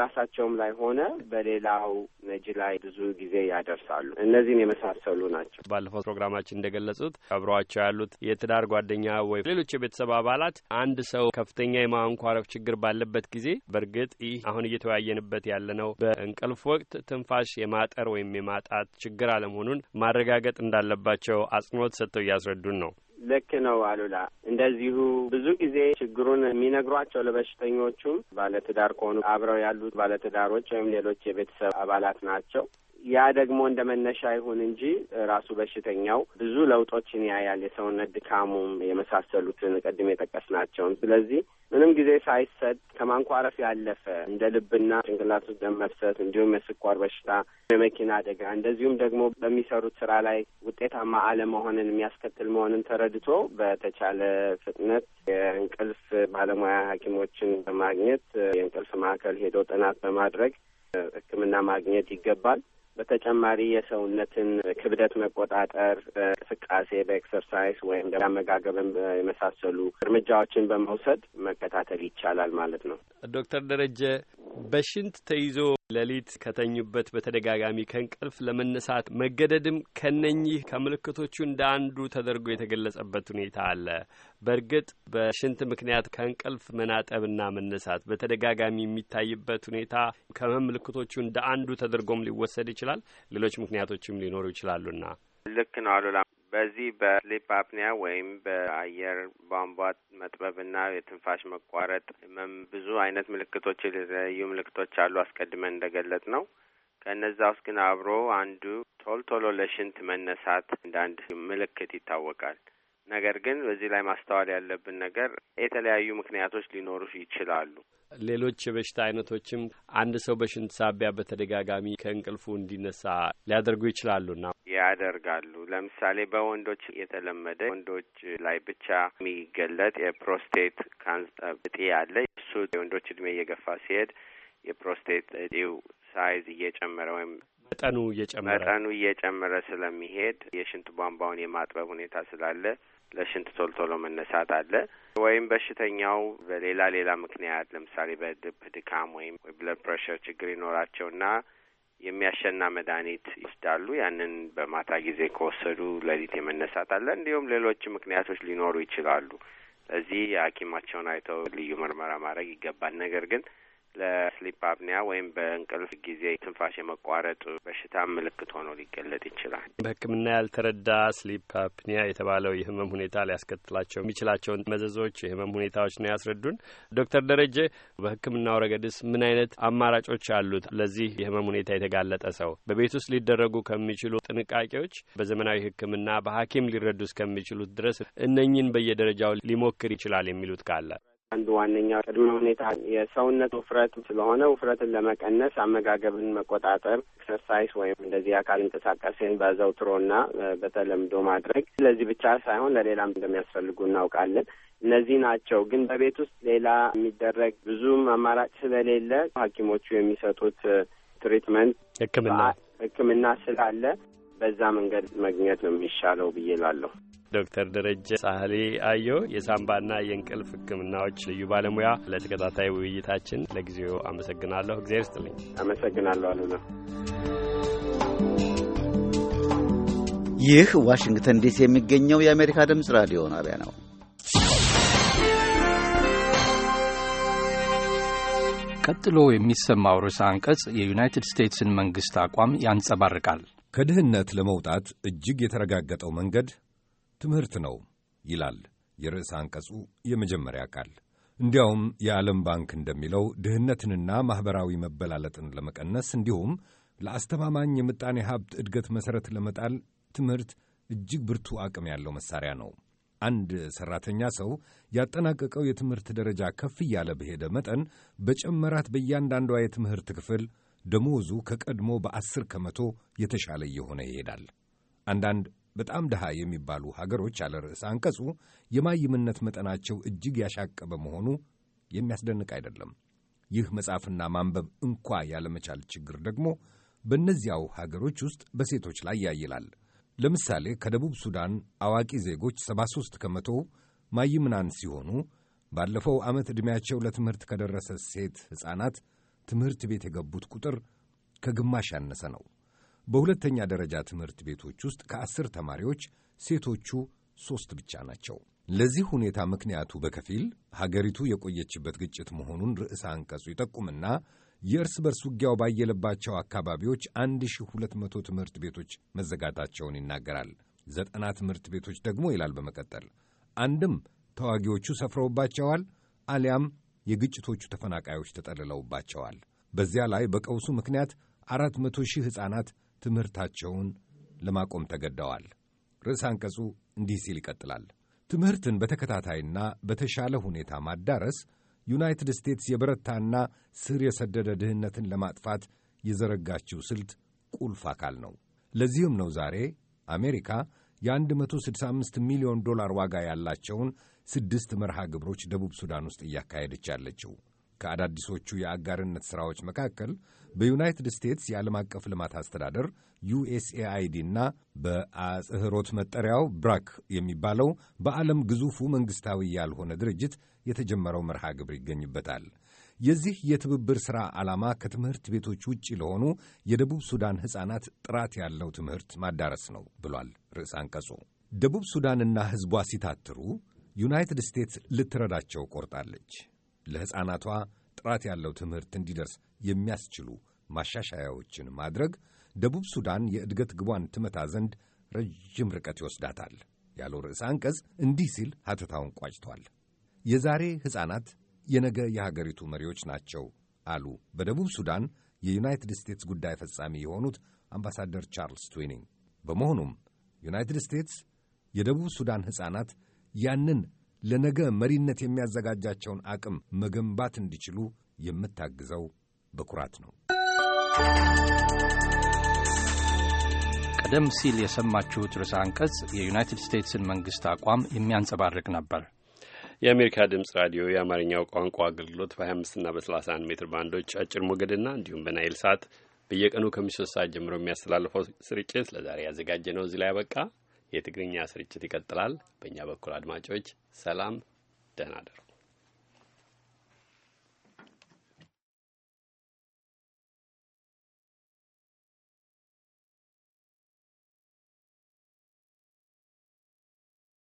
ራሳቸውም ላይ ሆነ በሌላው ነጂ ላይ ብዙ ጊዜ ያደርሳሉ። እነዚህን የመሳሰሉ ናቸው። ባለፈው ፕሮግራማችን እንደገለጹት አብረዋቸው ያሉት የትዳር ጓደኛ ወይ ሌሎች የቤተሰብ አባላት አንድ ሰው ከፍተኛ የማንኳረፍ ችግር ባለበት ጊዜ በእርግጥ ይህ አሁን እየተወያየንበት ያለነው በእንቅልፍ ወቅት ትንፋሽ የማጠር ወይም የማጣት ችግር አለመሆኑን ማረጋገጥ እንዳለባቸው አጽንኦት ሰጥተው እያስረዱን ነው። ልክ ነው አሉላ። እንደዚሁ ብዙ ጊዜ ችግሩን የሚነግሯቸው ለበሽተኞቹም ባለትዳር ከሆኑ አብረው ያሉት ባለትዳሮች ወይም ሌሎች የቤተሰብ አባላት ናቸው። ያ ደግሞ እንደ መነሻ ይሁን እንጂ ራሱ በሽተኛው ብዙ ለውጦችን ያያል። የሰውነት ድካሙም የመሳሰሉትን ቅድም የጠቀስናቸውን። ስለዚህ ምንም ጊዜ ሳይሰጥ ከማንኳረፍ ያለፈ እንደ ልብና ጭንቅላት ውስጥ ደም መፍሰስ፣ እንዲሁም የስኳር በሽታ፣ የመኪና አደጋ እንደዚሁም ደግሞ በሚሰሩት ስራ ላይ ውጤታማ አለመሆንን የሚያስከትል መሆንን ተረድቶ በተቻለ ፍጥነት የእንቅልፍ ባለሙያ ሐኪሞችን በማግኘት የእንቅልፍ ማዕከል ሄዶ ጥናት በማድረግ ሕክምና ማግኘት ይገባል። በተጨማሪ የሰውነትን ክብደት መቆጣጠር በእንቅስቃሴ በኤክሰርሳይዝ ወይም አመጋገብን የመሳሰሉ እርምጃዎችን በመውሰድ መከታተል ይቻላል ማለት ነው። ዶክተር ደረጀ በሽንት ተይዞ ሌሊት ከተኙበት በተደጋጋሚ ከእንቅልፍ ለመነሳት መገደድም ከነኚህ ከምልክቶቹ እንደ አንዱ ተደርጎ የተገለጸበት ሁኔታ አለ። በእርግጥ በሽንት ምክንያት ከእንቅልፍ መናጠብና መነሳት በተደጋጋሚ የሚታይበት ሁኔታ ከምልክቶቹ እንደ አንዱ ተደርጎም ሊወሰድ ይችላል። ሌሎች ምክንያቶችም ሊኖሩ ይችላሉና ልክ ነው አሉላ። በዚህ በስሊፕ አፕኒያ ወይም በአየር ቧንቧ መጥበብና የትንፋሽ መቋረጥ ህመም ብዙ አይነት ምልክቶች የተለያዩ ምልክቶች አሉ። አስቀድመን እንደገለጥ ነው። ከእነዛ ውስጥ ግን አብሮ አንዱ ቶሎ ቶሎ ለሽንት መነሳት እንደ አንድ ምልክት ይታወቃል። ነገር ግን በዚህ ላይ ማስተዋል ያለብን ነገር የተለያዩ ምክንያቶች ሊኖሩ ይችላሉ። ሌሎች የበሽታ አይነቶችም አንድ ሰው በሽንት ሳቢያ በተደጋጋሚ ከእንቅልፉ እንዲነሳ ሊያደርጉ ይችላሉና ያደርጋሉ። ለምሳሌ በወንዶች የተለመደ ወንዶች ላይ ብቻ የሚገለጥ የፕሮስቴት ካንሰር እጢ አለ። እሱ የወንዶች እድሜ እየገፋ ሲሄድ የፕሮስቴት እጢው ሳይዝ እየጨመረ ወይም መጠኑ እየጨመረ መጠኑ እየጨመረ ስለሚሄድ የሽንት ቧንቧውን የማጥበብ ሁኔታ ስላለ ለሽንት ቶሎ ቶሎ መነሳት አለ። ወይም በሽተኛው በሌላ ሌላ ምክንያት ለምሳሌ በልብ ድካም ወይም ብለድ ፕሬሽር ችግር ይኖራቸውና የሚያሸና መድኃኒት ይወስዳሉ። ያንን በማታ ጊዜ ከወሰዱ ሌሊት የመነሳት አለ። እንዲሁም ሌሎች ምክንያቶች ሊኖሩ ይችላሉ። ለዚህ ሐኪማቸውን አይተው ልዩ ምርመራ ማድረግ ይገባል። ነገር ግን ለስሊፕ አፕኒያ ወይም በእንቅልፍ ጊዜ ትንፋሽ የመቋረጥ በሽታ ምልክት ሆኖ ሊገለጥ ይችላል። በሕክምና ያልተረዳ ስሊፕ አፕኒያ የተባለው የህመም ሁኔታ ሊያስከትላቸው የሚችላቸውን መዘዞች፣ የህመም ሁኔታዎች ነው ያስረዱን ዶክተር ደረጀ። በሕክምናው ረገድስ ምን አይነት አማራጮች አሉት? ለዚህ የህመም ሁኔታ የተጋለጠ ሰው በቤት ውስጥ ሊደረጉ ከሚችሉ ጥንቃቄዎች በዘመናዊ ሕክምና በሐኪም ሊረዱ እስከሚችሉት ድረስ እነኝን በየደረጃው ሊሞክር ይችላል የሚሉት ካለ አንዱ ዋነኛ ቅድመ ሁኔታ የሰውነት ውፍረት ስለሆነ ውፍረትን ለመቀነስ አመጋገብን መቆጣጠር፣ ኤክሰርሳይዝ ወይም እንደዚህ የአካል እንቅስቃሴን በዘውትሮና በተለምዶ ማድረግ ለዚህ ብቻ ሳይሆን ለሌላም እንደሚያስፈልጉ እናውቃለን። እነዚህ ናቸው። ግን በቤት ውስጥ ሌላ የሚደረግ ብዙም አማራጭ ስለሌለ ሐኪሞቹ የሚሰጡት ትሪትመንት ሕክምና ሕክምና ስላለ በዛ መንገድ መግኘት ነው የሚሻለው ብዬ ላለሁ። ዶክተር ደረጀ ሳህሌ አዮ የሳምባና የእንቅልፍ ሕክምናዎች ልዩ ባለሙያ ለተከታታይ ውይይታችን ለጊዜው አመሰግናለሁ። እግዜር ስጥልኝ። አመሰግናለሁ አሉና። ይህ ዋሽንግተን ዲሲ የሚገኘው የአሜሪካ ድምፅ ራዲዮ ጣቢያ ነው። ቀጥሎ የሚሰማው ርዕሰ አንቀጽ የዩናይትድ ስቴትስን መንግሥት አቋም ያንጸባርቃል። ከድህነት ለመውጣት እጅግ የተረጋገጠው መንገድ ትምህርት ነው ይላል የርዕሰ አንቀጹ የመጀመሪያ ቃል። እንዲያውም የዓለም ባንክ እንደሚለው ድህነትንና ማኅበራዊ መበላለጥን ለመቀነስ እንዲሁም ለአስተማማኝ የምጣኔ ሀብት እድገት መሠረት ለመጣል ትምህርት እጅግ ብርቱ አቅም ያለው መሣሪያ ነው። አንድ ሠራተኛ ሰው ያጠናቀቀው የትምህርት ደረጃ ከፍ እያለ በሄደ መጠን በጨመራት በእያንዳንዷ የትምህርት ክፍል ደሞዙ ከቀድሞ በአስር ከመቶ የተሻለ እየሆነ ይሄዳል። አንዳንድ በጣም ድሃ የሚባሉ ሀገሮች ያለ ርዕስ አንቀጹ የማይምነት መጠናቸው እጅግ ያሻቀበ መሆኑ የሚያስደንቅ አይደለም። ይህ መጻፍና ማንበብ እንኳ ያለመቻል ችግር ደግሞ በእነዚያው ሀገሮች ውስጥ በሴቶች ላይ ያይላል። ለምሳሌ ከደቡብ ሱዳን አዋቂ ዜጎች 73 ከመቶ ማይምናን ሲሆኑ ባለፈው ዓመት ዕድሜያቸው ለትምህርት ከደረሰ ሴት ሕፃናት ትምህርት ቤት የገቡት ቁጥር ከግማሽ ያነሰ ነው። በሁለተኛ ደረጃ ትምህርት ቤቶች ውስጥ ከአስር ተማሪዎች ሴቶቹ ሦስት ብቻ ናቸው። ለዚህ ሁኔታ ምክንያቱ በከፊል ሀገሪቱ የቆየችበት ግጭት መሆኑን ርዕሰ አንቀጹ ይጠቁምና የእርስ በርስ ውጊያው ባየለባቸው አካባቢዎች 1200 ትምህርት ቤቶች መዘጋታቸውን ይናገራል። ዘጠና ትምህርት ቤቶች ደግሞ ይላል በመቀጠል አንድም ተዋጊዎቹ ሰፍረውባቸዋል አሊያም የግጭቶቹ ተፈናቃዮች ተጠልለውባቸዋል። በዚያ ላይ በቀውሱ ምክንያት አራት መቶ ሺህ ሕፃናት ትምህርታቸውን ለማቆም ተገደዋል። ርዕሰ አንቀጹ እንዲህ ሲል ይቀጥላል። ትምህርትን በተከታታይና በተሻለ ሁኔታ ማዳረስ ዩናይትድ ስቴትስ የበረታና ስር የሰደደ ድህነትን ለማጥፋት የዘረጋችው ስልት ቁልፍ አካል ነው። ለዚህም ነው ዛሬ አሜሪካ የ165 ሚሊዮን ዶላር ዋጋ ያላቸውን ስድስት መርሃ ግብሮች ደቡብ ሱዳን ውስጥ እያካሄደች ያለችው። ከአዳዲሶቹ የአጋርነት ሥራዎች መካከል በዩናይትድ ስቴትስ የዓለም አቀፍ ልማት አስተዳደር ዩኤስኤአይዲ እና በአጽህሮት መጠሪያው ብራክ የሚባለው በዓለም ግዙፉ መንግሥታዊ ያልሆነ ድርጅት የተጀመረው መርሃ ግብር ይገኝበታል። የዚህ የትብብር ሥራ ዓላማ ከትምህርት ቤቶች ውጭ ለሆኑ የደቡብ ሱዳን ሕፃናት ጥራት ያለው ትምህርት ማዳረስ ነው ብሏል ርዕስ አንቀጹ። ደቡብ ሱዳንና ሕዝቧ ሲታትሩ ዩናይትድ ስቴትስ ልትረዳቸው ቆርጣለች። ለሕፃናቷ ጥራት ያለው ትምህርት እንዲደርስ የሚያስችሉ ማሻሻያዎችን ማድረግ ደቡብ ሱዳን የእድገት ግቧን ትመታ ዘንድ ረዥም ርቀት ይወስዳታል ያለው ርዕሰ አንቀጽ እንዲህ ሲል ሐተታውን ቋጭቷል። የዛሬ ሕፃናት የነገ የሀገሪቱ መሪዎች ናቸው አሉ በደቡብ ሱዳን የዩናይትድ ስቴትስ ጉዳይ ፈጻሚ የሆኑት አምባሳደር ቻርልስ ትዊኒንግ። በመሆኑም ዩናይትድ ስቴትስ የደቡብ ሱዳን ሕፃናት ያንን ለነገ መሪነት የሚያዘጋጃቸውን አቅም መገንባት እንዲችሉ የምታግዘው በኩራት ነው። ቀደም ሲል የሰማችሁት ርዕሰ አንቀጽ የዩናይትድ ስቴትስን መንግሥት አቋም የሚያንጸባርቅ ነበር። የአሜሪካ ድምጽ ራዲዮ የአማርኛው ቋንቋ አገልግሎት በ25ና በ31 ሜትር ባንዶች አጭር ሞገድና እንዲሁም በናይል ሳት በየቀኑ ከምሽቱ ሰዓት ጀምሮ የሚያስተላልፈው ስርጭት ለዛሬ ያዘጋጀ ነው እዚህ ላይ ያበቃ። የትግርኛ ስርጭት ይቀጥላል። በእኛ በኩል አድማጮች ሰላም፣ ደህና ደሩ።